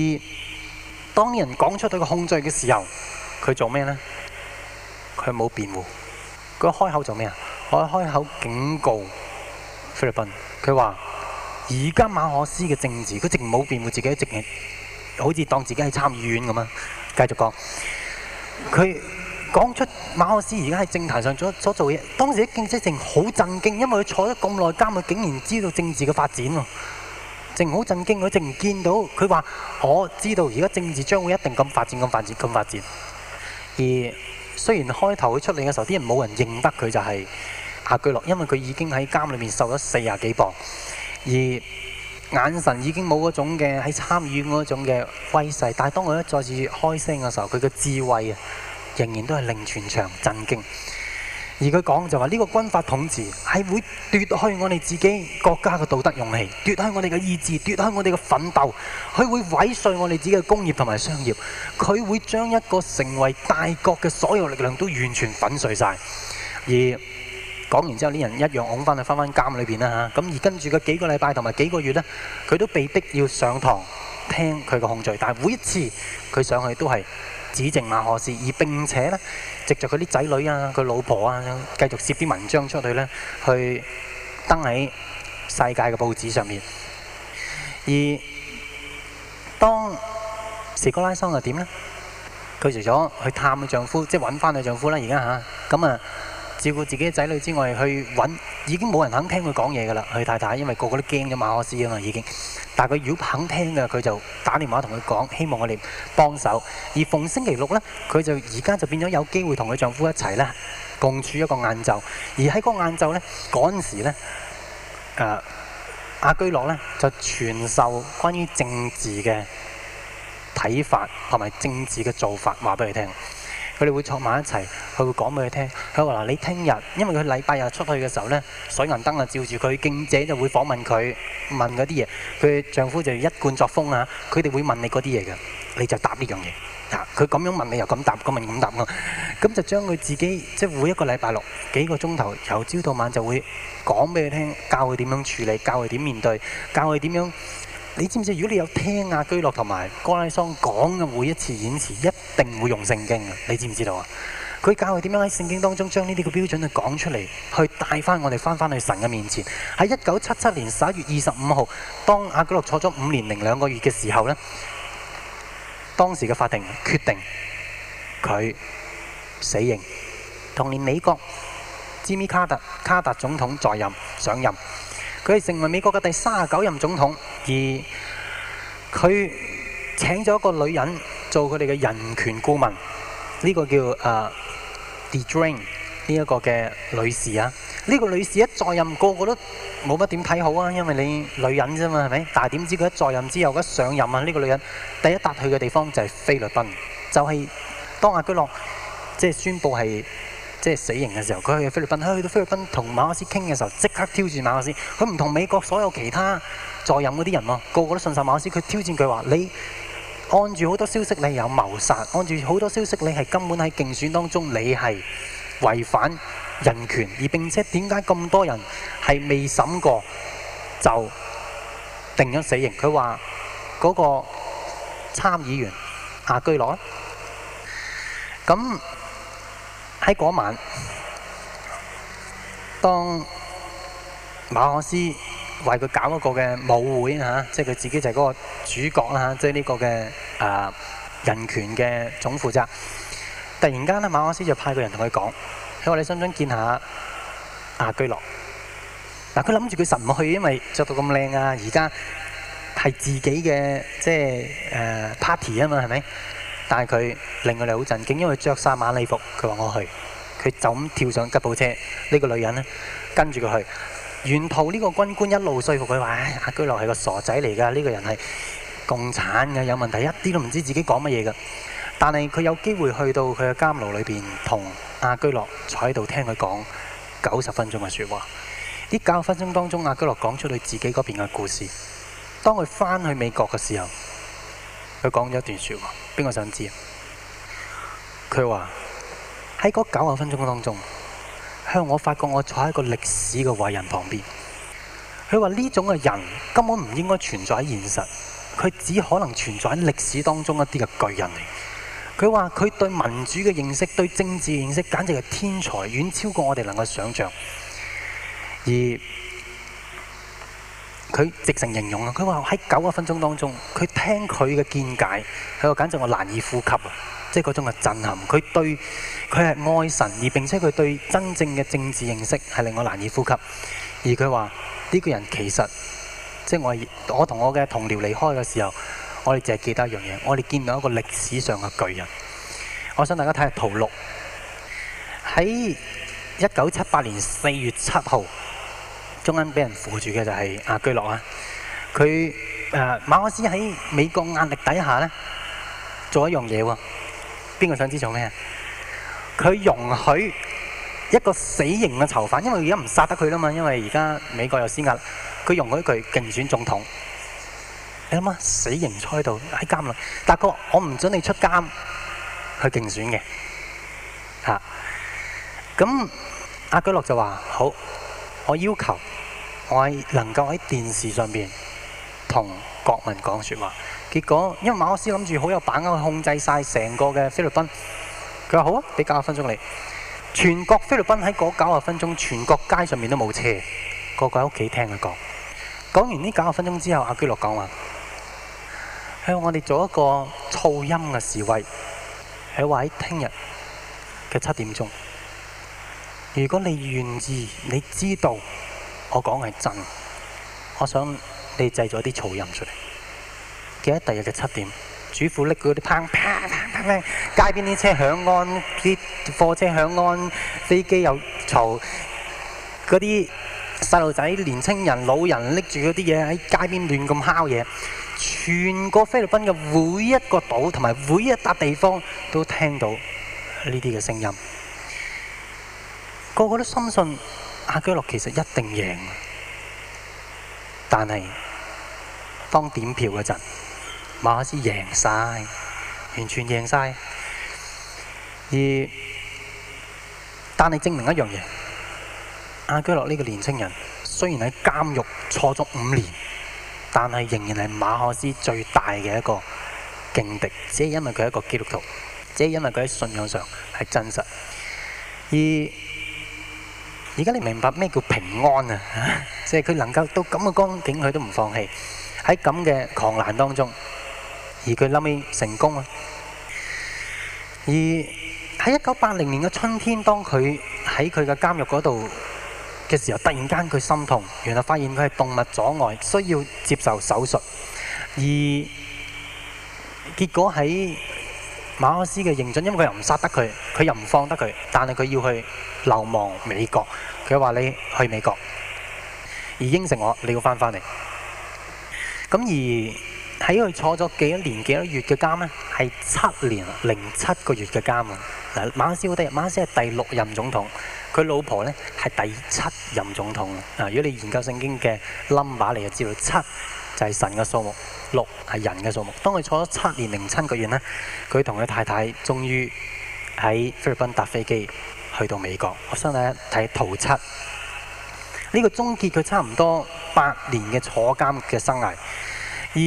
當人講出佢個控罪嘅時候，佢做咩呢？佢冇辯護，佢開口做咩啊？我開口警告菲律賓，佢話：而家馬可思嘅政治，佢直冇辯護自己，直好似當自己係參議院咁啊！繼續講，佢講出馬可思而家喺政壇上所所做嘢，當時啲見識淨好震驚，因為佢坐咗咁耐監，佢竟然知道政治嘅發展喎，淨好震驚，佢淨見到佢話：我知道而家政治將會一定咁發展，咁發展，咁發展，而。雖然開頭佢出嚟嘅時候，啲人冇人認得佢就係亞居諾，因為佢已經喺監裏面瘦咗四十幾磅，而眼神已經冇嗰種嘅喺參與嗰種嘅威勢。但係當佢一再次開聲嘅時候，佢嘅智慧啊，仍然都係令全場震驚。而佢講就話呢個軍法統治係會奪去我哋自己國家嘅道德勇氣，奪去我哋嘅意志，奪去我哋嘅奮鬥。佢會毀碎我哋自己嘅工業同埋商業。佢會將一個成為大國嘅所有力量都完全粉碎曬。而講完之後，啲人一樣㧬翻去翻翻監裏邊啦嚇。咁而跟住嘅幾個禮拜同埋幾個月咧，佢都被迫要上堂聽佢嘅控罪，但係每一次佢上去都係。指正馬可斯，而並且呢，藉着佢啲仔女啊、佢老婆啊，繼續寫啲文章出去呢，去登喺世界嘅報紙上面。而當時哥拉桑又點呢？佢除咗去探佢丈夫，即係揾翻佢丈夫啦，而家吓咁啊，照顧自己嘅仔女之外，去揾已經冇人肯聽佢講嘢㗎啦，佢太太，因為個個都驚咗馬可斯啊嘛，已經。但係佢如果肯聽嘅，佢就打電話同佢講，希望我哋幫手。而逢星期六呢，佢就而家就變咗有機會同佢丈夫一齊呢，共處一個晏晝。而喺嗰晏晝呢，嗰陣時咧，阿、啊、居諾呢，就傳授關於政治嘅睇法同埋政治嘅做法，話俾佢聽。佢哋會坐埋一齊，佢會講俾佢聽。佢話嗱，你聽日，因為佢禮拜日出去嘅時候呢，水銀燈啊照住佢，記者就會訪問佢，問嗰啲嘢。佢丈夫就一貫作風啊，佢哋會問你嗰啲嘢㗎，你就答呢樣嘢。嗱，佢咁樣問你又咁答，咁問咁答㗎。咁就將佢自己即係每一個禮拜六幾個鐘頭由朝到晚就會講俾佢聽，教佢點樣處理，教佢點面對，教佢點樣。你知唔知？如果你有聽亞居諾同埋哥拉桑講嘅每一次演辭，一定會用聖經，你知唔知道啊？佢教佢點樣喺聖經當中將呢啲嘅標準去講出嚟，去帶翻我哋翻返去神嘅面前。喺一九七七年十一月二十五號，當亞居諾坐咗五年零兩個月嘅時候呢，當時嘅法庭決定佢死刑。同年美國吉米卡特卡特總統在任上任。佢成為美國嘅第三十九任總統，而佢請咗一個女人做佢哋嘅人權顧問，呢、這個叫啊、uh, d r e a n 呢一個嘅女士啊。呢、這個女士一在任，個個都冇乜點睇好啊，因為你女人啫嘛，係咪？但係點知佢一在任之後，一上任啊，呢、這個女人第一搭去嘅地方就係菲律賓，就係、是、當亞居諾即係宣布係，即係死刑嘅時候，佢去菲律賓，去到菲律賓同馬可斯傾嘅時候，即刻挑戰馬可斯。佢唔同美國所有其他在任嗰啲人喎，個個都信受馬可斯。佢挑戰佢話：你按住好多消息，你有謀殺；按住好多消息，你係根本喺競選當中，你係違反人權。而並且點解咁多人係未審過就定咗死刑？佢話嗰個參議員亞居諾咁。喺嗰晚，當馬可思為佢搞一個嘅舞會嚇，即係佢自己就係嗰個主角啦嚇，即係呢個嘅誒、啊、人權嘅總負責。突然間咧，馬可思就派個人同佢講：佢話你想唔想見下亞居諾？嗱、啊，佢諗住佢神唔去，因為着到咁靚啊，而家係自己嘅即係誒 party 啊派嘛，係咪？但係佢令佢哋好震驚，因為着晒晚禮服，佢話我去，佢就咁跳上吉普車。呢、這個女人呢，跟住佢去，沿途呢個軍官一路説服佢話、哎：亞居諾係個傻仔嚟㗎，呢、這個人係共產嘅，有問題，一啲都唔知自己講乜嘢㗎。但係佢有機會去到佢嘅監牢裏邊，同亞居諾坐喺度聽佢講九十分鐘嘅説話。呢九十分鐘當中，亞居諾講出佢自己嗰邊嘅故事。當佢返去美國嘅時候。佢講咗一段說話，邊個想知道？佢話喺嗰九十分鐘當中，向我發覺我坐喺個歷史嘅偉人旁邊。佢話呢種嘅人根本唔應該存在喺現實，佢只可能存在喺歷史當中一啲嘅巨人嚟。佢話佢對民主嘅認識，對政治嘅認識，簡直係天才，遠超過我哋能夠想象。而佢直成形容啊！佢話喺九個分鐘當中，佢聽佢嘅見解，佢話簡直我難以呼吸啊！即係嗰種嘅震撼。佢對佢係愛神，而並且佢對真正嘅政治認識係令我難以呼吸。而佢話呢個人其實即係、就是、我，我同我嘅同僚離開嘅時候，我哋淨係記得一樣嘢，我哋見到一個歷史上嘅巨人。我想大家睇下圖六，喺一九七八年四月七號。中間俾人扶住嘅就係亞居諾啊，佢誒、呃、馬可斯喺美國壓力底下咧，做了一樣嘢喎。邊個想知做咩啊？佢容許一個死刑嘅囚犯，因為而家唔殺得佢啦嘛，因為而家美國有施壓，佢容許佢競選總統。你諗下死刑坐喺度喺監倉，但係佢我唔准你出監去競選嘅嚇。咁、啊、亞居諾就話：好，我要求。.我係能夠喺電視上邊同國民講説話，結果因為馬克思諗住好有把握控制晒成個嘅菲律賓，他說，佢話好啊，俾你九十分鐘嚟。全國菲律賓喺嗰九十分鐘，全國街上面都冇車，個個喺屋企聽佢講。講完呢九十分鐘之後，亞居諾講話向我哋做一個噪音嘅示威，喺話喺聽日嘅七點鐘，如果你願意，你知道。我講係真，我想你製咗啲噪音出嚟。記得第日嘅七點，主婦拎嗰啲砰砰砰砰聲，街邊啲車響安，啲貨車響安，飛機又嘈，嗰啲細路仔、年青人、老人拎住嗰啲嘢喺街邊亂咁敲嘢，全個菲律賓嘅每一個島同埋每一笪地方都聽到呢啲嘅聲音，個個都深信。亞居諾其實一定贏，但係當點票嗰陣，馬可斯贏晒，完全贏晒。而但係證明一樣嘢，亞居諾呢個年青人雖然喺監獄坐足五年，但係仍然係馬可斯最大嘅一個勁敵，只係因為佢係一個基督徒，只係因為佢喺信仰上係真實。而而家你明白咩叫平安啊？即係佢能夠到咁嘅光景，佢都唔放棄喺咁嘅狂難當中，而佢臨尾成功啊！而喺一九八零年嘅春天，當佢喺佢嘅監獄嗰度嘅時候，突然間佢心痛，原來發現佢係動物阻礙，需要接受手術，而結果喺。馬克思嘅認準，因為佢又唔殺得佢，佢又唔放得佢，但係佢要去流亡美國。佢話你去美國，而應承我你要翻翻嚟。咁而喺佢坐咗幾多年幾多月嘅監呢？係七年零七個月嘅監啊！馬克思好得馬克思係第六任總統，佢老婆呢係第七任總統啊！如果你研究聖經嘅 number，你就知道七。就係神嘅數目，六係人嘅數目。當佢坐咗七年零七個月呢佢同佢太太終於喺菲律賓搭飛機去到美國。我想睇一睇圖七，呢個終結佢差唔多八年嘅坐監嘅生涯，而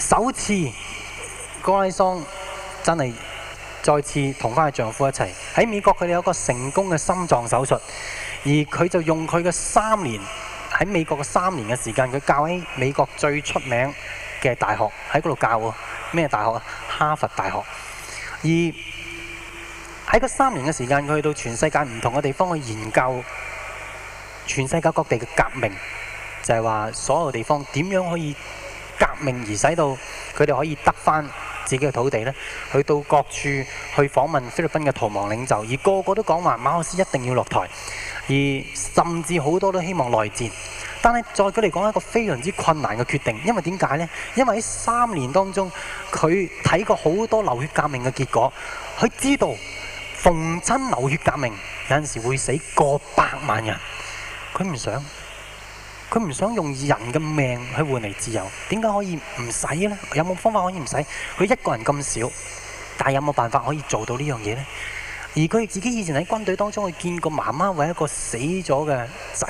首次高拉桑真係再次同翻佢丈夫一齊喺美國。佢哋有一個成功嘅心臟手術，而佢就用佢嘅三年。喺美國嘅三年嘅時間，佢教喺美國最出名嘅大學，喺嗰度教咩大學啊？哈佛大學。而喺個三年嘅時間，佢去到全世界唔同嘅地方去研究全世界各地嘅革命，就係話所有地方點樣可以革命而使到佢哋可以得翻。自己嘅土地呢，去到各處去訪問菲律賓嘅逃亡領袖，而個個都講話馬可斯一定要落台，而甚至好多都希望內戰。但係對佢嚟講一個非常之困難嘅決定，因為點解呢？因為喺三年當中，佢睇過好多流血革命嘅結果，佢知道逢親流血革命有陣時會死過百萬人，佢唔想。佢唔想用人嘅命去換嚟自由，點解可以唔使呢？有冇方法可以唔使？佢一個人咁少，但係有冇辦法可以做到呢樣嘢呢？而佢自己以前喺軍隊當中，佢見過媽媽為一個死咗嘅仔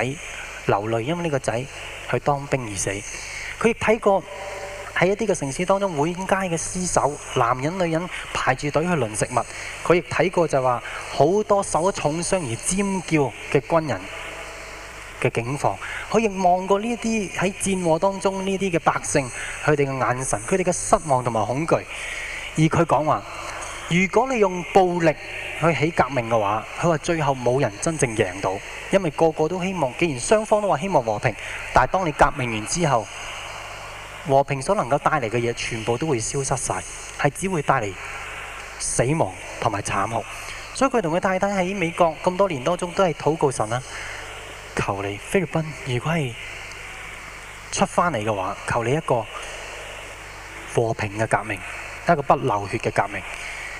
流淚，因為呢個仔去當兵而死。佢亦睇過喺一啲嘅城市當中，滿街嘅屍首，男人女人排住隊去輪食物。佢亦睇過就話好多受咗重傷而尖叫嘅軍人。嘅警方，佢亦望過呢啲喺戰禍當中呢啲嘅百姓，佢哋嘅眼神，佢哋嘅失望同埋恐懼。而佢講話：如果你用暴力去起革命嘅話，佢話最後冇人真正贏到，因為個個都希望。既然雙方都話希望和平，但係當你革命完之後，和平所能夠帶嚟嘅嘢全部都會消失晒，係只會帶嚟死亡同埋慘酷。所以佢同佢太太喺美國咁多年當中都係禱告神啦、啊。求你，菲律賓，如果係出返嚟嘅話，求你一個和平嘅革命，一個不流血嘅革命。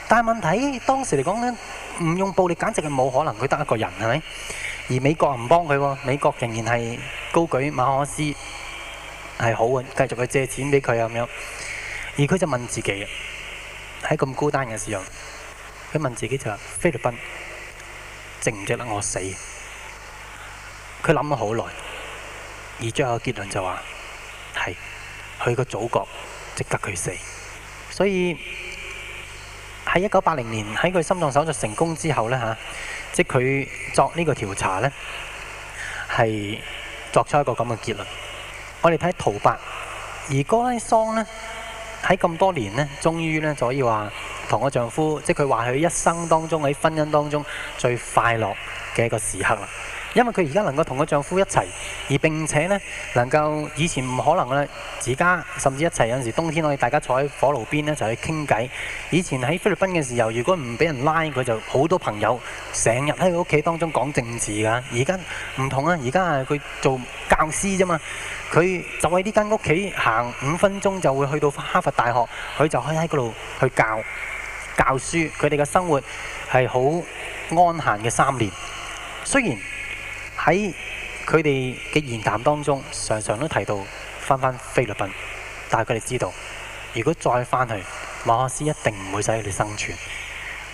但係問題當時嚟講呢唔用暴力簡直係冇可能，佢得一個人係咪？而美國唔幫佢喎，美國仍然係高舉馬可斯係好嘅，繼續去借錢畀佢啊咁樣。而佢就問自己：喺咁孤單嘅時候，佢問自己就話、是：菲律賓值唔值得我死？佢諗咗好耐，而最後嘅結論就話係佢個祖國值得佢死，所以喺一九八零年喺佢心臟手術成功之後呢，嚇、啊，即佢作呢個調查呢，係作出一個咁嘅結論。我哋睇圖八，而哥拉桑呢，喺咁多年咧，終於就可以話同我丈夫，即係佢話佢一生當中喺婚姻當中最快樂嘅一個時刻啦。因為佢而家能夠同個丈夫一齊，而並且呢，能夠以前唔可能咧，而家甚至一齊有陣時冬天可以大家坐喺火爐邊呢，就去傾偈。以前喺菲律賓嘅時候，如果唔俾人拉佢就好多朋友，成日喺佢屋企當中講政治㗎。而家唔同啊，而家係佢做教師啫嘛，佢就喺呢間屋企行五分鐘就會去到哈佛大學，佢就可以喺嗰度去教教書。佢哋嘅生活係好安閒嘅三年，雖然。喺佢哋嘅言談當中，常常都提到翻返菲律賓，但係佢哋知道，如果再返去，馬克思一定唔會使佢哋生存。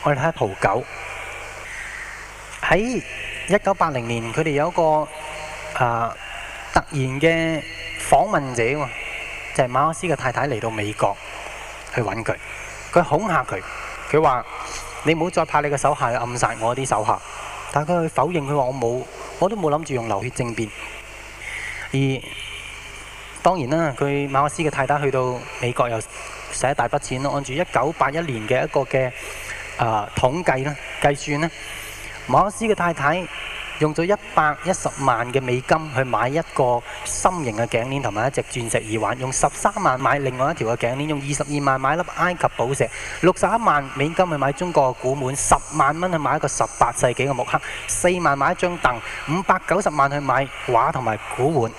我哋睇下圖九。喺一九八零年，佢哋有一個啊突然嘅訪問者就係馬克思嘅太太嚟到美國去揾佢，佢恐嚇佢，佢話：你唔好再派你嘅手下去暗殺我啲手下。但佢否認，佢話我冇，我都冇諗住用流血政變。而當然啦，佢馬克思嘅太太去到美國又使一大筆錢咯。按住一九八一年嘅一個嘅啊統計咧計算咧，馬克思嘅太太，用咗一百一十萬嘅美金去買一個心形嘅頸鏈同埋一隻鑽石耳環，用十三萬買另外一條嘅頸鏈，用二十二萬買粒埃及寶石，六十一萬美金去買中國嘅古玩，十萬蚊去買一個十八世紀嘅木刻，四萬買一張凳，五百九十萬去買畫同埋古玩。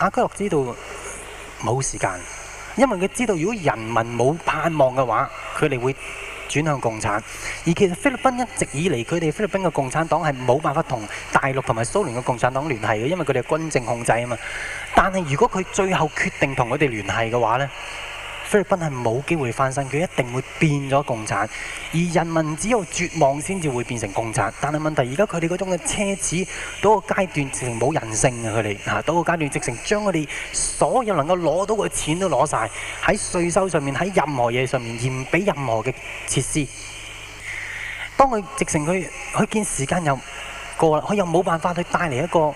亞居諾知道冇時間，因為佢知道如果人民冇盼望嘅話，佢哋會轉向共產，而其實菲律賓一直以嚟，佢哋菲律賓嘅共產黨係冇辦法同大陸同埋蘇聯嘅共產黨聯繫嘅，因為佢哋係軍政控制啊嘛。但係如果佢最後決定同佢哋聯繫嘅話呢？菲律賓係冇機會翻身，佢一定會變咗共產，而人民只有絕望先至會變成共產。但係問題而家佢哋嗰種嘅奢侈，到個階段直情冇人性嘅佢哋，嚇，到個階段直情將佢哋所有能夠攞到嘅錢都攞晒，喺稅收上面，喺任何嘢上面，而唔俾任何嘅設施。當佢直情佢佢見時間又過啦，佢又冇辦法去帶嚟一個。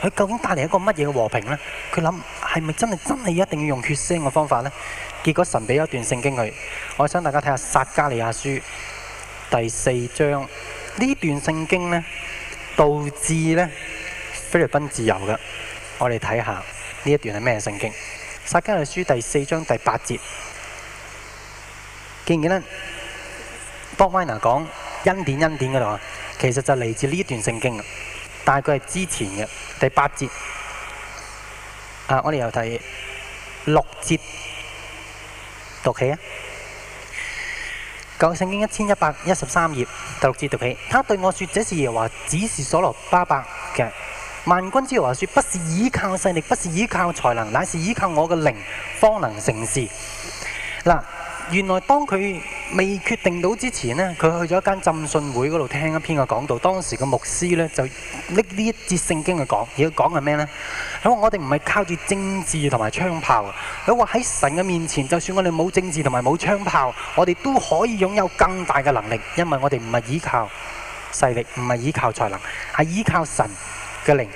佢究竟帶嚟一個乜嘢嘅和平呢？佢諗係咪真係真係一定要用血腥嘅方法呢？結果神俾咗一段聖經佢，我想大家睇下《撒加利亞書》第四章呢段聖經呢，導致呢菲律賓自由嘅。我哋睇下呢一段係咩聖經，《撒加利亞書》第四章第八節，記唔記得？邦威娜講恩典恩典嗰度啊，其實就嚟自呢段聖經。大概係之前嘅第八節，啊，我哋由第六節讀起啊。舊聖經一千一百一十三頁第六節讀起，他對我說：這是耶和華指示所羅巴伯嘅。萬軍之耶和華說，不是依靠勢力，不是依靠才能，乃是依靠我嘅靈，方能成事。嗱、啊。原來當佢未決定到之前呢，佢去咗一間浸信會嗰度聽一篇嘅講道。當時個牧師呢，就拎呢一節聖經去講，要講係咩呢？佢話：我哋唔係靠住政治同埋槍炮。佢話喺神嘅面前，就算我哋冇政治同埋冇槍炮，我哋都可以擁有更大嘅能力，因為我哋唔係依靠勢力，唔係依靠才能，係依靠神嘅靈，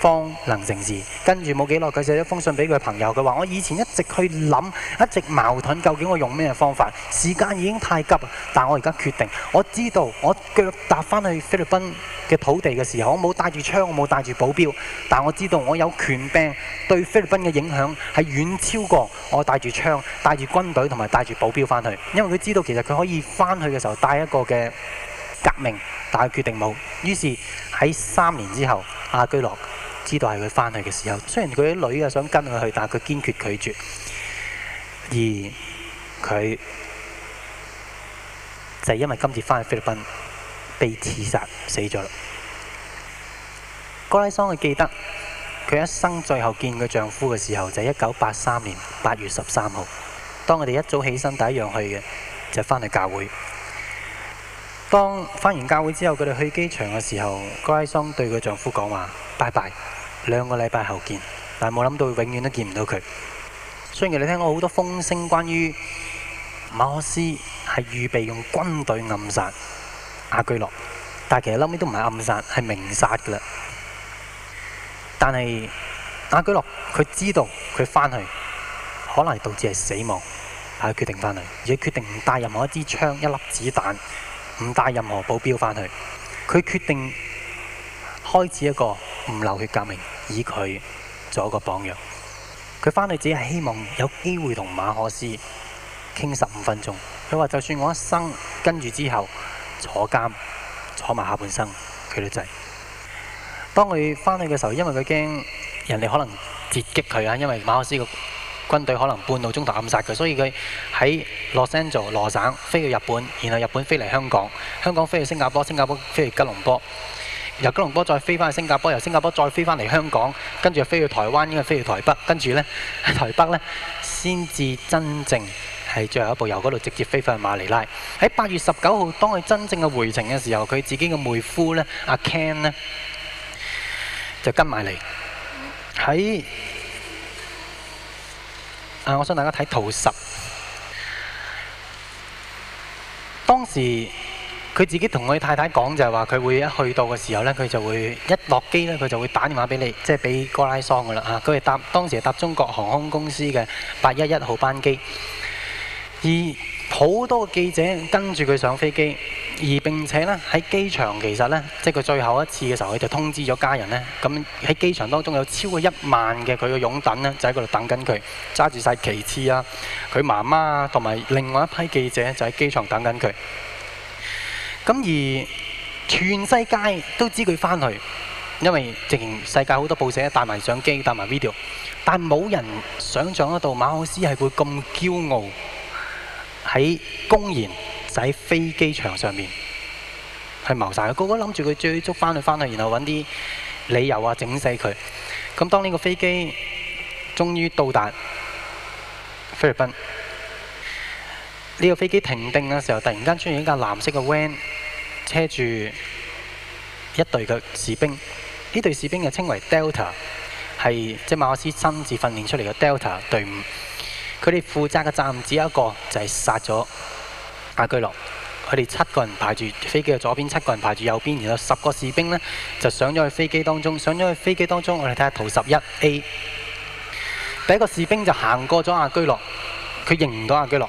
方能成事。跟住冇幾耐，佢寫咗封信俾佢朋友，佢話：我以前一直去諗，一直矛盾，究竟我用咩方法？時間已經太急，但我而家決定，我知道我腳踏翻去菲律賓嘅土地嘅時候，我冇帶住槍，我冇帶住保鏢。但我知道我有權柄對菲律賓嘅影響係遠超過我帶住槍、帶住軍隊同埋帶住保鏢翻去。因為佢知道其實佢可以翻去嘅時候帶一個嘅革命，但決定冇，於是喺三年之後，亞居諾。知道係佢返去嘅時候，雖然佢啲女啊想跟佢去，但係佢堅決拒絕。而佢就係、是、因為今次返去菲律賓被刺殺死咗啦。哥拉桑佢記得佢一生最後見佢丈夫嘅時候，就係一九八三年八月十三號。當佢哋一早起身第一樣去嘅就返、是、去教會。當返完教會之後，佢哋去機場嘅時候，哥拉桑對佢丈夫講話：拜拜。兩個禮拜後見，但係冇諗到永遠都見唔到佢。雖然你聽過好多風聲，關於馬可斯係預備用軍隊暗殺亞居諾，但其實後屘都唔係暗殺，係明殺㗎啦。但係亞居諾佢知道佢返去可能係導致係死亡，佢決定返去，而且決定唔帶任何一支槍、一粒子彈，唔帶任何保鏢返去。佢決定開始一個唔流血革命。以佢做一個榜樣，佢返去只係希望有機會同馬可思傾十五分鐘。佢話：就算我一生跟住之後坐監，坐埋下半生，佢都制。當佢返去嘅時候，因為佢驚人哋可能截擊佢啊，因為馬可思嘅軍隊可能半路中途暗殺佢，所以佢喺 Los Angeles 羅省飛去日本，然後日本飛嚟香港，香港飛去新加坡，新加坡飛去吉隆坡。由吉隆坡再飛翻去新加坡，由新加坡再飛翻嚟香港，跟住又飛去台灣，應該飛去台北，跟住咧台北咧，先至真正係最後一步，由嗰度直接飛翻去馬尼拉。喺八月十九號，當佢真正嘅回程嘅時候，佢自己嘅妹夫咧，阿 Ken 咧，就跟埋嚟。喺啊，我想大家睇圖十，當時。佢自己同佢太太講就係話佢會一去到嘅時候呢，佢就會一落機呢，佢就會打電話俾你，即係俾哥拉桑嘅啦嚇。佢係搭當時係搭中國航空公司嘅八一一號班機，而好多記者跟住佢上飛機，而並且呢，喺機場其實呢，即係佢最後一次嘅時候，佢就通知咗家人呢。咁喺機場當中有超過一萬嘅佢嘅擁躉呢，就喺嗰度等緊佢，揸住晒旗幟啊，佢媽媽同埋另外一批記者就喺機場等緊佢。咁而全世界都知佢返去，因為直情世界好多報社帶埋相機、帶埋 video，但冇人想像得到馬可斯係會咁驕傲，喺公然就喺、是、飛機場上面係謀殺佢，個個諗住佢追逐返去返去，然後揾啲理由啊整死佢。咁當呢個飛機終於到達菲律賓。呢個飛機停定嘅時候，突然間出現一架藍色嘅 van，車住一隊嘅士兵。呢隊士兵又稱為 Delta，係即係、就是、馬克思親自訓練出嚟嘅 Delta 隊伍。佢哋負責嘅任務只有一個，就是殺了，就係殺咗亞居諾。佢哋七個人排住飛機嘅左邊，七個人排住右邊，然後十個士兵呢就上咗去飛機當中。上咗去飛機當中，我哋睇下圖十一 A。第一個士兵就行過咗亞居諾，佢認唔到亞居諾。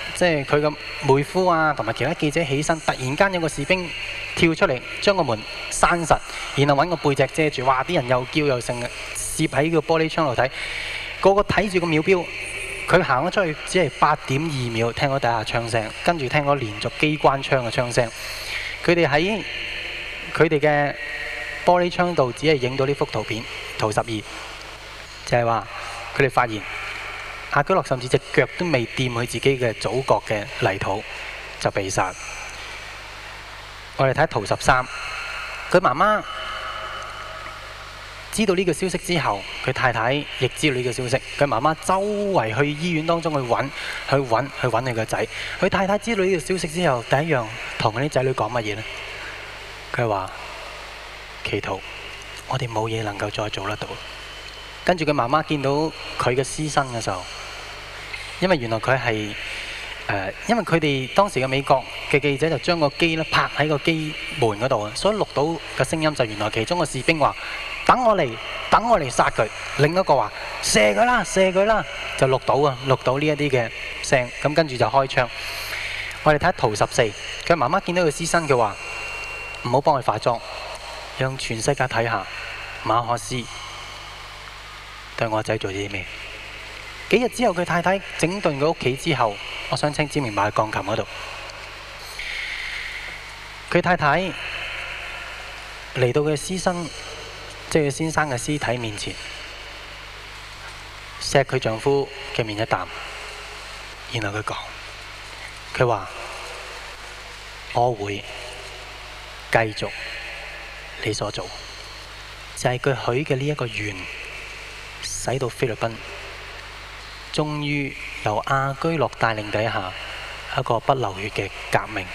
即係佢個妹夫啊，同埋其他記者起身，突然間有個士兵跳出嚟，將個門閂實，然後揾個背脊遮住。哇！啲人又叫又成，攝喺個玻璃窗度睇，個個睇住個秒錶，佢行咗出去只係八點二秒。聽到底下槍聲，跟住聽到連續機關槍嘅槍聲。佢哋喺佢哋嘅玻璃窗度，只係影到呢幅圖片圖十二，就係話佢哋發現。亞居諾甚至隻腳都未掂佢自己嘅祖國嘅泥土，就被殺。我哋睇圖十三，佢媽媽知道呢個消息之後，佢太太亦知道呢個消息。佢媽媽周圍去醫院當中去揾，去揾，去揾佢個仔。佢太太知道呢個消息之後，第一樣同佢啲仔女講乜嘢呢？佢話祈禱，我哋冇嘢能夠再做得到。跟住佢媽媽見到佢嘅屍身嘅時候，因為原來佢係誒，因為佢哋當時嘅美國嘅記者就將個機咧拍喺個機門嗰度啊，所以錄到嘅聲音就原來其中個士兵話：等我嚟，等我嚟殺佢。另一個話：射佢啦，射佢啦，就錄到啊，錄到呢一啲嘅聲。咁跟住就開槍。我哋睇圖十四，佢媽媽見到佢屍身，佢話：唔好幫佢化妝，讓全世界睇下馬可斯對我仔做啲咩？幾日之後，佢太太整頓佢屋企之後，我想請子明喺鋼琴嗰度。佢太太嚟到佢嘅先生，即係佢先生嘅屍體面前，錫佢丈夫嘅面一啖，然後佢講：，佢話我會繼續你所做，就係佢許嘅呢一個願。使到菲律賓，終於由亞居諾帶領底下一個不流血嘅革命，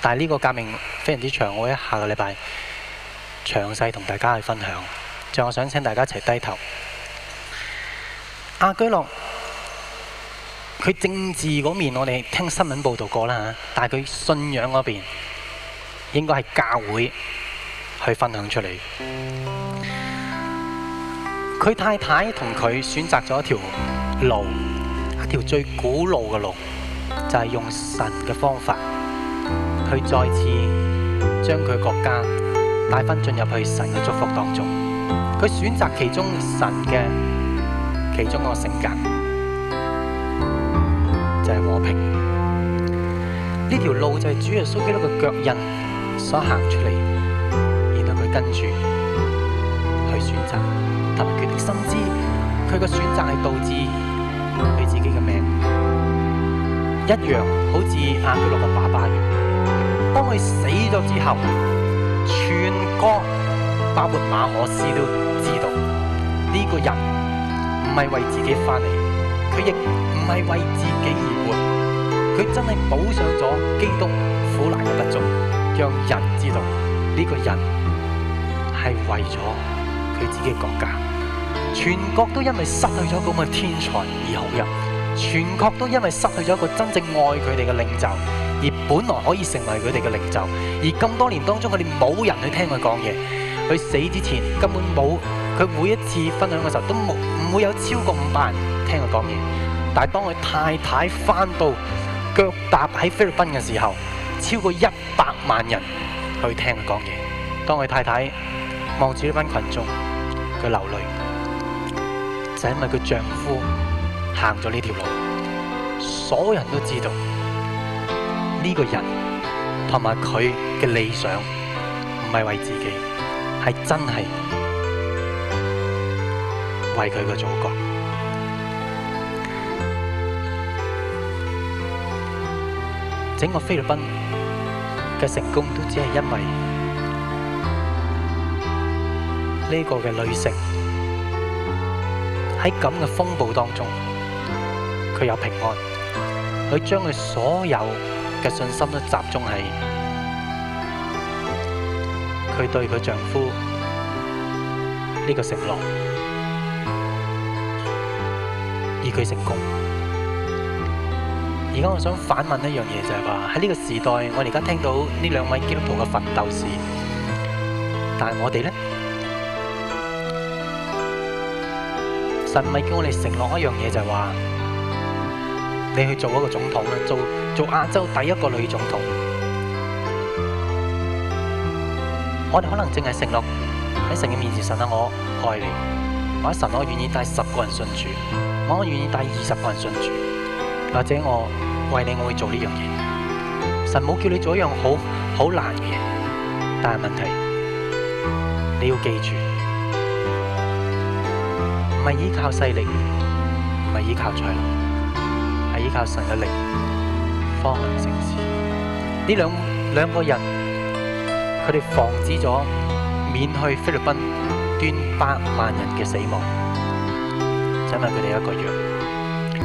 但係呢個革命非常之長，我會下個禮拜詳細同大家去分享。最後想請大家一齊低頭，亞居諾佢政治嗰面我哋聽新聞報道過啦吓，但係佢信仰嗰邊應該係教會去分享出嚟。佢太太同佢選擇咗一條路，一條最古老嘅路，就係用神嘅方法佢再次將佢國家帶返進入去神嘅祝福當中。佢選擇其中神嘅其中嗰個性格，就係和平。呢條路就係主耶穌基督嘅腳印所行出嚟，然後佢跟住去選擇。突然決定深知，佢個選擇係導致佢自己嘅命一樣，好似亞居諾嘅爸爸一樣。一當佢死咗之後，全國包括馬可斯都知道呢個人唔係為自己翻嚟，佢亦唔係為自己而活，佢真係補上咗基督苦難嘅不足，讓人知道呢個人係為咗。自己國家，全國都因為失去咗咁嘅天才而哭泣，全國都因為失去咗一個真正愛佢哋嘅領袖，而本來可以成為佢哋嘅領袖，而咁多年當中，佢哋冇人去聽佢講嘢。佢死之前根本冇，佢每一次分享嘅時候都冇，唔會有超過五百人聽佢講嘢。但係當佢太太返到腳踏喺菲律賓嘅時候，超過一百萬人去聽佢講嘢。當佢太太望住呢班群眾。佢流淚就係因為佢丈夫行咗呢條路，所有人都知道呢個人同埋佢嘅理想唔係為自己，係真係為佢嘅祖國。整個菲律賓嘅成功都只係因為。呢個嘅女性喺咁嘅風暴當中，佢有平安，佢將佢所有嘅信心都集中係佢對佢丈夫呢個承諾，以佢成功。而家我想反問一樣嘢就係話喺呢個時代，我而家聽到呢兩位基督徒嘅奮鬥史，但係我哋呢。神唔係叫我哋承諾一樣嘢，就係話，你去做一個總統啦，做做亞洲第一個女總統。我哋可能淨係承諾喺神嘅面前，神啊，我愛你，或者神，我願意帶十個人信主，我願意帶二十個人信主，或者我為你我會做呢樣嘢。神冇叫你做一樣好好難嘅嘢，但係問題，你要記住。唔係依靠勢力，唔係依靠才能，係依靠神嘅力，方能成事。呢兩兩個人，佢哋防止咗免去菲律賓端百萬人嘅死亡。真係多謝佢哋。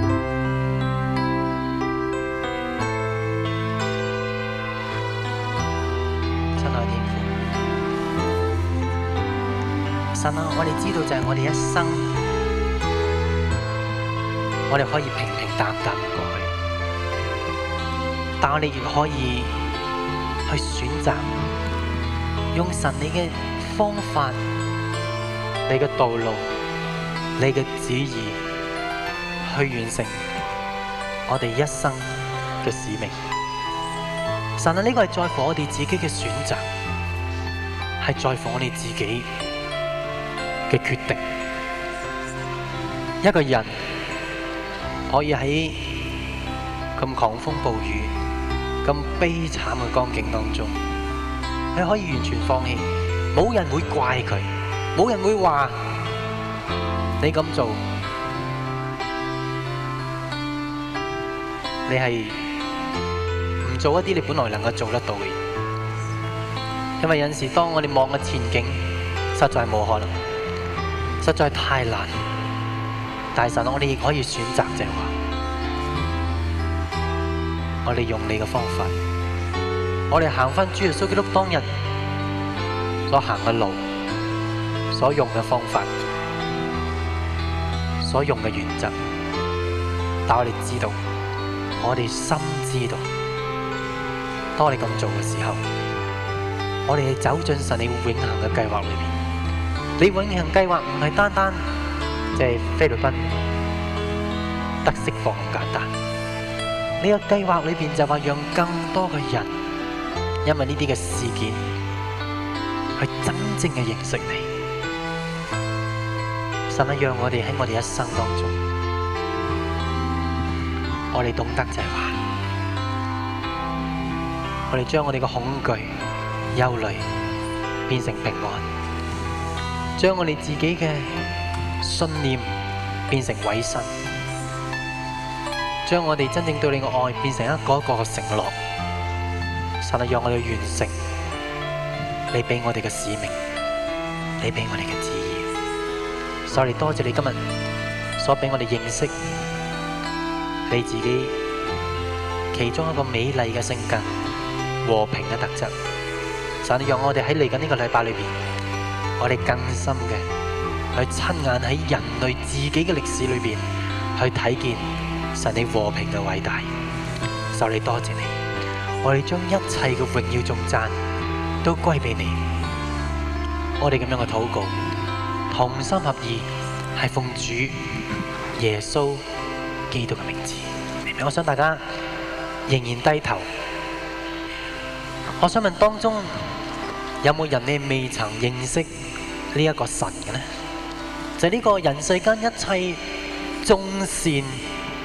親愛嘅天父，神啊，我哋知道就係我哋一生。我哋可以平平淡淡過去，但我哋亦可以去選擇，用神你嘅方法、你嘅道路、你嘅旨意去完成我哋一生嘅使命。神啊，神、這、呢個係在乎我哋自己嘅選擇，係在乎我哋自己嘅決定。一個人。可以喺咁狂風暴雨、咁悲慘嘅光景當中，你可以完全放棄，冇人會怪佢，冇人會話你咁做，你係唔做一啲你本來能夠做得到嘅。因為有陣時當我哋望嘅前景實在冇可能，實在是太難，但係神，我哋亦可以選擇。我哋用你嘅方法，我哋行翻主耶穌基督當日所行嘅路，所用嘅方法，所用嘅原則。但我哋知道，我哋深知道，當你咁做嘅時候，我哋係走進神你永恆嘅計劃裏邊。你永恆計劃唔係單單即係菲律賓。得釋放咁簡單？呢個計劃裏邊就話，讓更多嘅人因為呢啲嘅事件，去真正嘅認識你。使唔使讓我哋喺我哋一生當中，我哋懂得就係話，我哋將我哋嘅恐懼、憂慮變成平安，將我哋自己嘅信念變成偉神。將我哋真正對你嘅愛變成一個一個承諾，神啊，讓我哋完成你俾我哋嘅使命，你俾我哋嘅旨意。Sorry，多謝你今日所俾我哋認識你自己其中一個美麗嘅性格、和平嘅特質。神啊，讓我哋喺嚟緊呢個禮拜裏邊，我哋更深嘅去親眼喺人類自己嘅歷史裏邊去睇見。神你和平嘅偉大，受你多謝你，我哋將一切嘅榮耀重讚都歸俾你。我哋咁樣嘅禱告，同心合意，係奉主耶穌基督嘅名字。我想大家仍然低頭。我想問當中有冇人你未曾認識呢一個神嘅呢？就係呢個人世間一切眾善。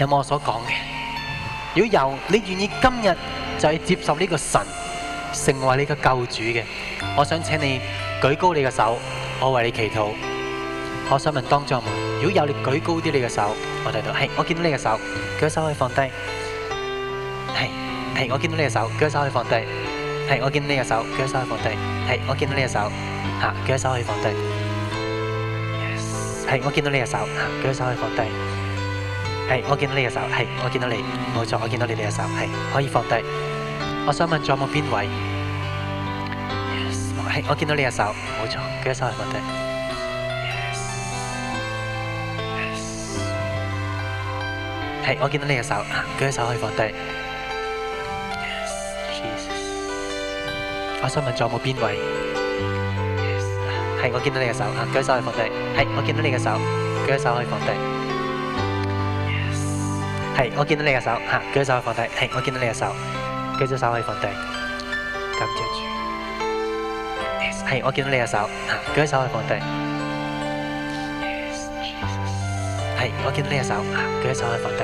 有冇我所講嘅？如果有，你願意今日就去接受呢個神成為你嘅救主嘅，我想請你舉高你嘅手，我為你祈禱。我想問當中有冇，如果有你舉高啲你嘅手，我哋都係。我見到呢個手，舉手可以放低。係係，我見到呢個手，舉手可以放低。係，我見到呢個手，舉手可以放低。係，我見到呢個手，嚇舉手可以放低。係，我見到你嘅手，嚇舉手可以放低。係，我見到你嘅手。係，我見到你，冇錯，我見到你，你嘅手。係，可以放低。我想問仲有冇邊位？係，我見到你嘅手，冇錯，舉手可以放低。係，我見到你嘅手，舉手可以放低。我想問仲有冇邊位？係，我見到你嘅手，啊，舉手可以放低。係，我見到你嘅手，舉手可以放低。係，我見到你嘅手，嚇，舉隻手可以放低。係，我見到你嘅手，舉隻手可以放低。咁著住。係，我見到你嘅手，嚇，舉隻手可以放低。係，我見到你嘅手，嚇，舉隻手可以放低。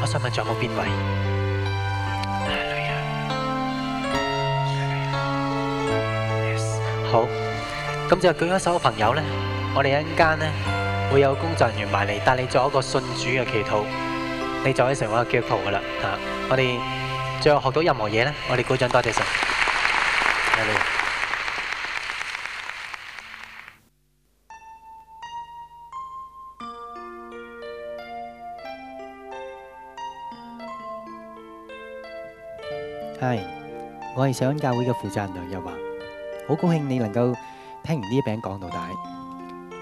我想問仲有冇邊位？好，咁就舉一隻手嘅朋友咧，我哋一陣間咧。會有工作人員埋嚟，帶你做一個信主嘅祈禱，你就可以成為一個基督徒㗎啦。吓，我哋最後學到任何嘢咧，我哋鼓掌多謝晒。係，我係上恩教會嘅負責人梁日華，好高興你能夠聽完呢一篇講道啦。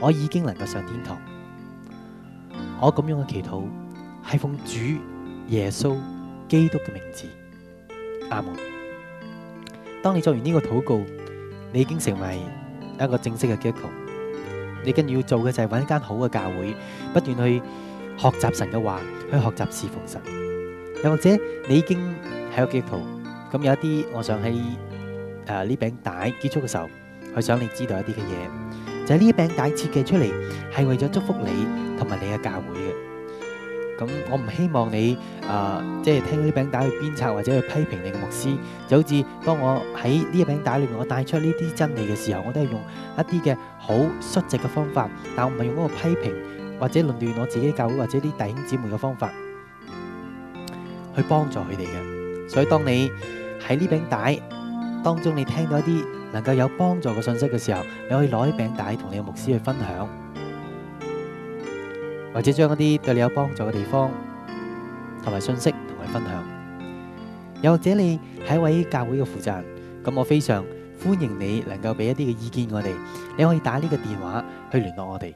我已經能夠上天堂。我咁樣嘅祈禱係奉主耶穌基督嘅名字，阿門。當你做完呢個禱告，你已經成為一個正式嘅基督徒。你跟住要做嘅就係揾一間好嘅教會，不斷去學習神嘅話，去學習侍奉神。又或者你已經係個基督徒，咁有一啲，我想喺誒呢餅帶結束嘅時候，去想你知道一啲嘅嘢。就係呢一餅帶設計出嚟，係為咗祝福你同埋你嘅教會嘅。咁我唔希望你啊，即係聽到呢餅帶去鞭策或者去批評你嘅牧師。就好似當我喺呢一餅帶裏面，我帶出呢啲真理嘅時候，我都係用一啲嘅好率直嘅方法，但係我唔係用嗰個批評或者論斷我自己教會或者啲弟兄姊妹嘅方法去幫助佢哋嘅。所以當你喺呢餅帶當中，你聽到一啲能夠有幫助嘅信息嘅時候，你可以攞起餅帶同你嘅牧師去分享，或者將一啲對你有幫助嘅地方同埋信息同佢分享。又或者你係一位教會嘅負責人，咁我非常歡迎你能夠俾一啲嘅意見我哋。你可以打呢個電話去聯絡我哋。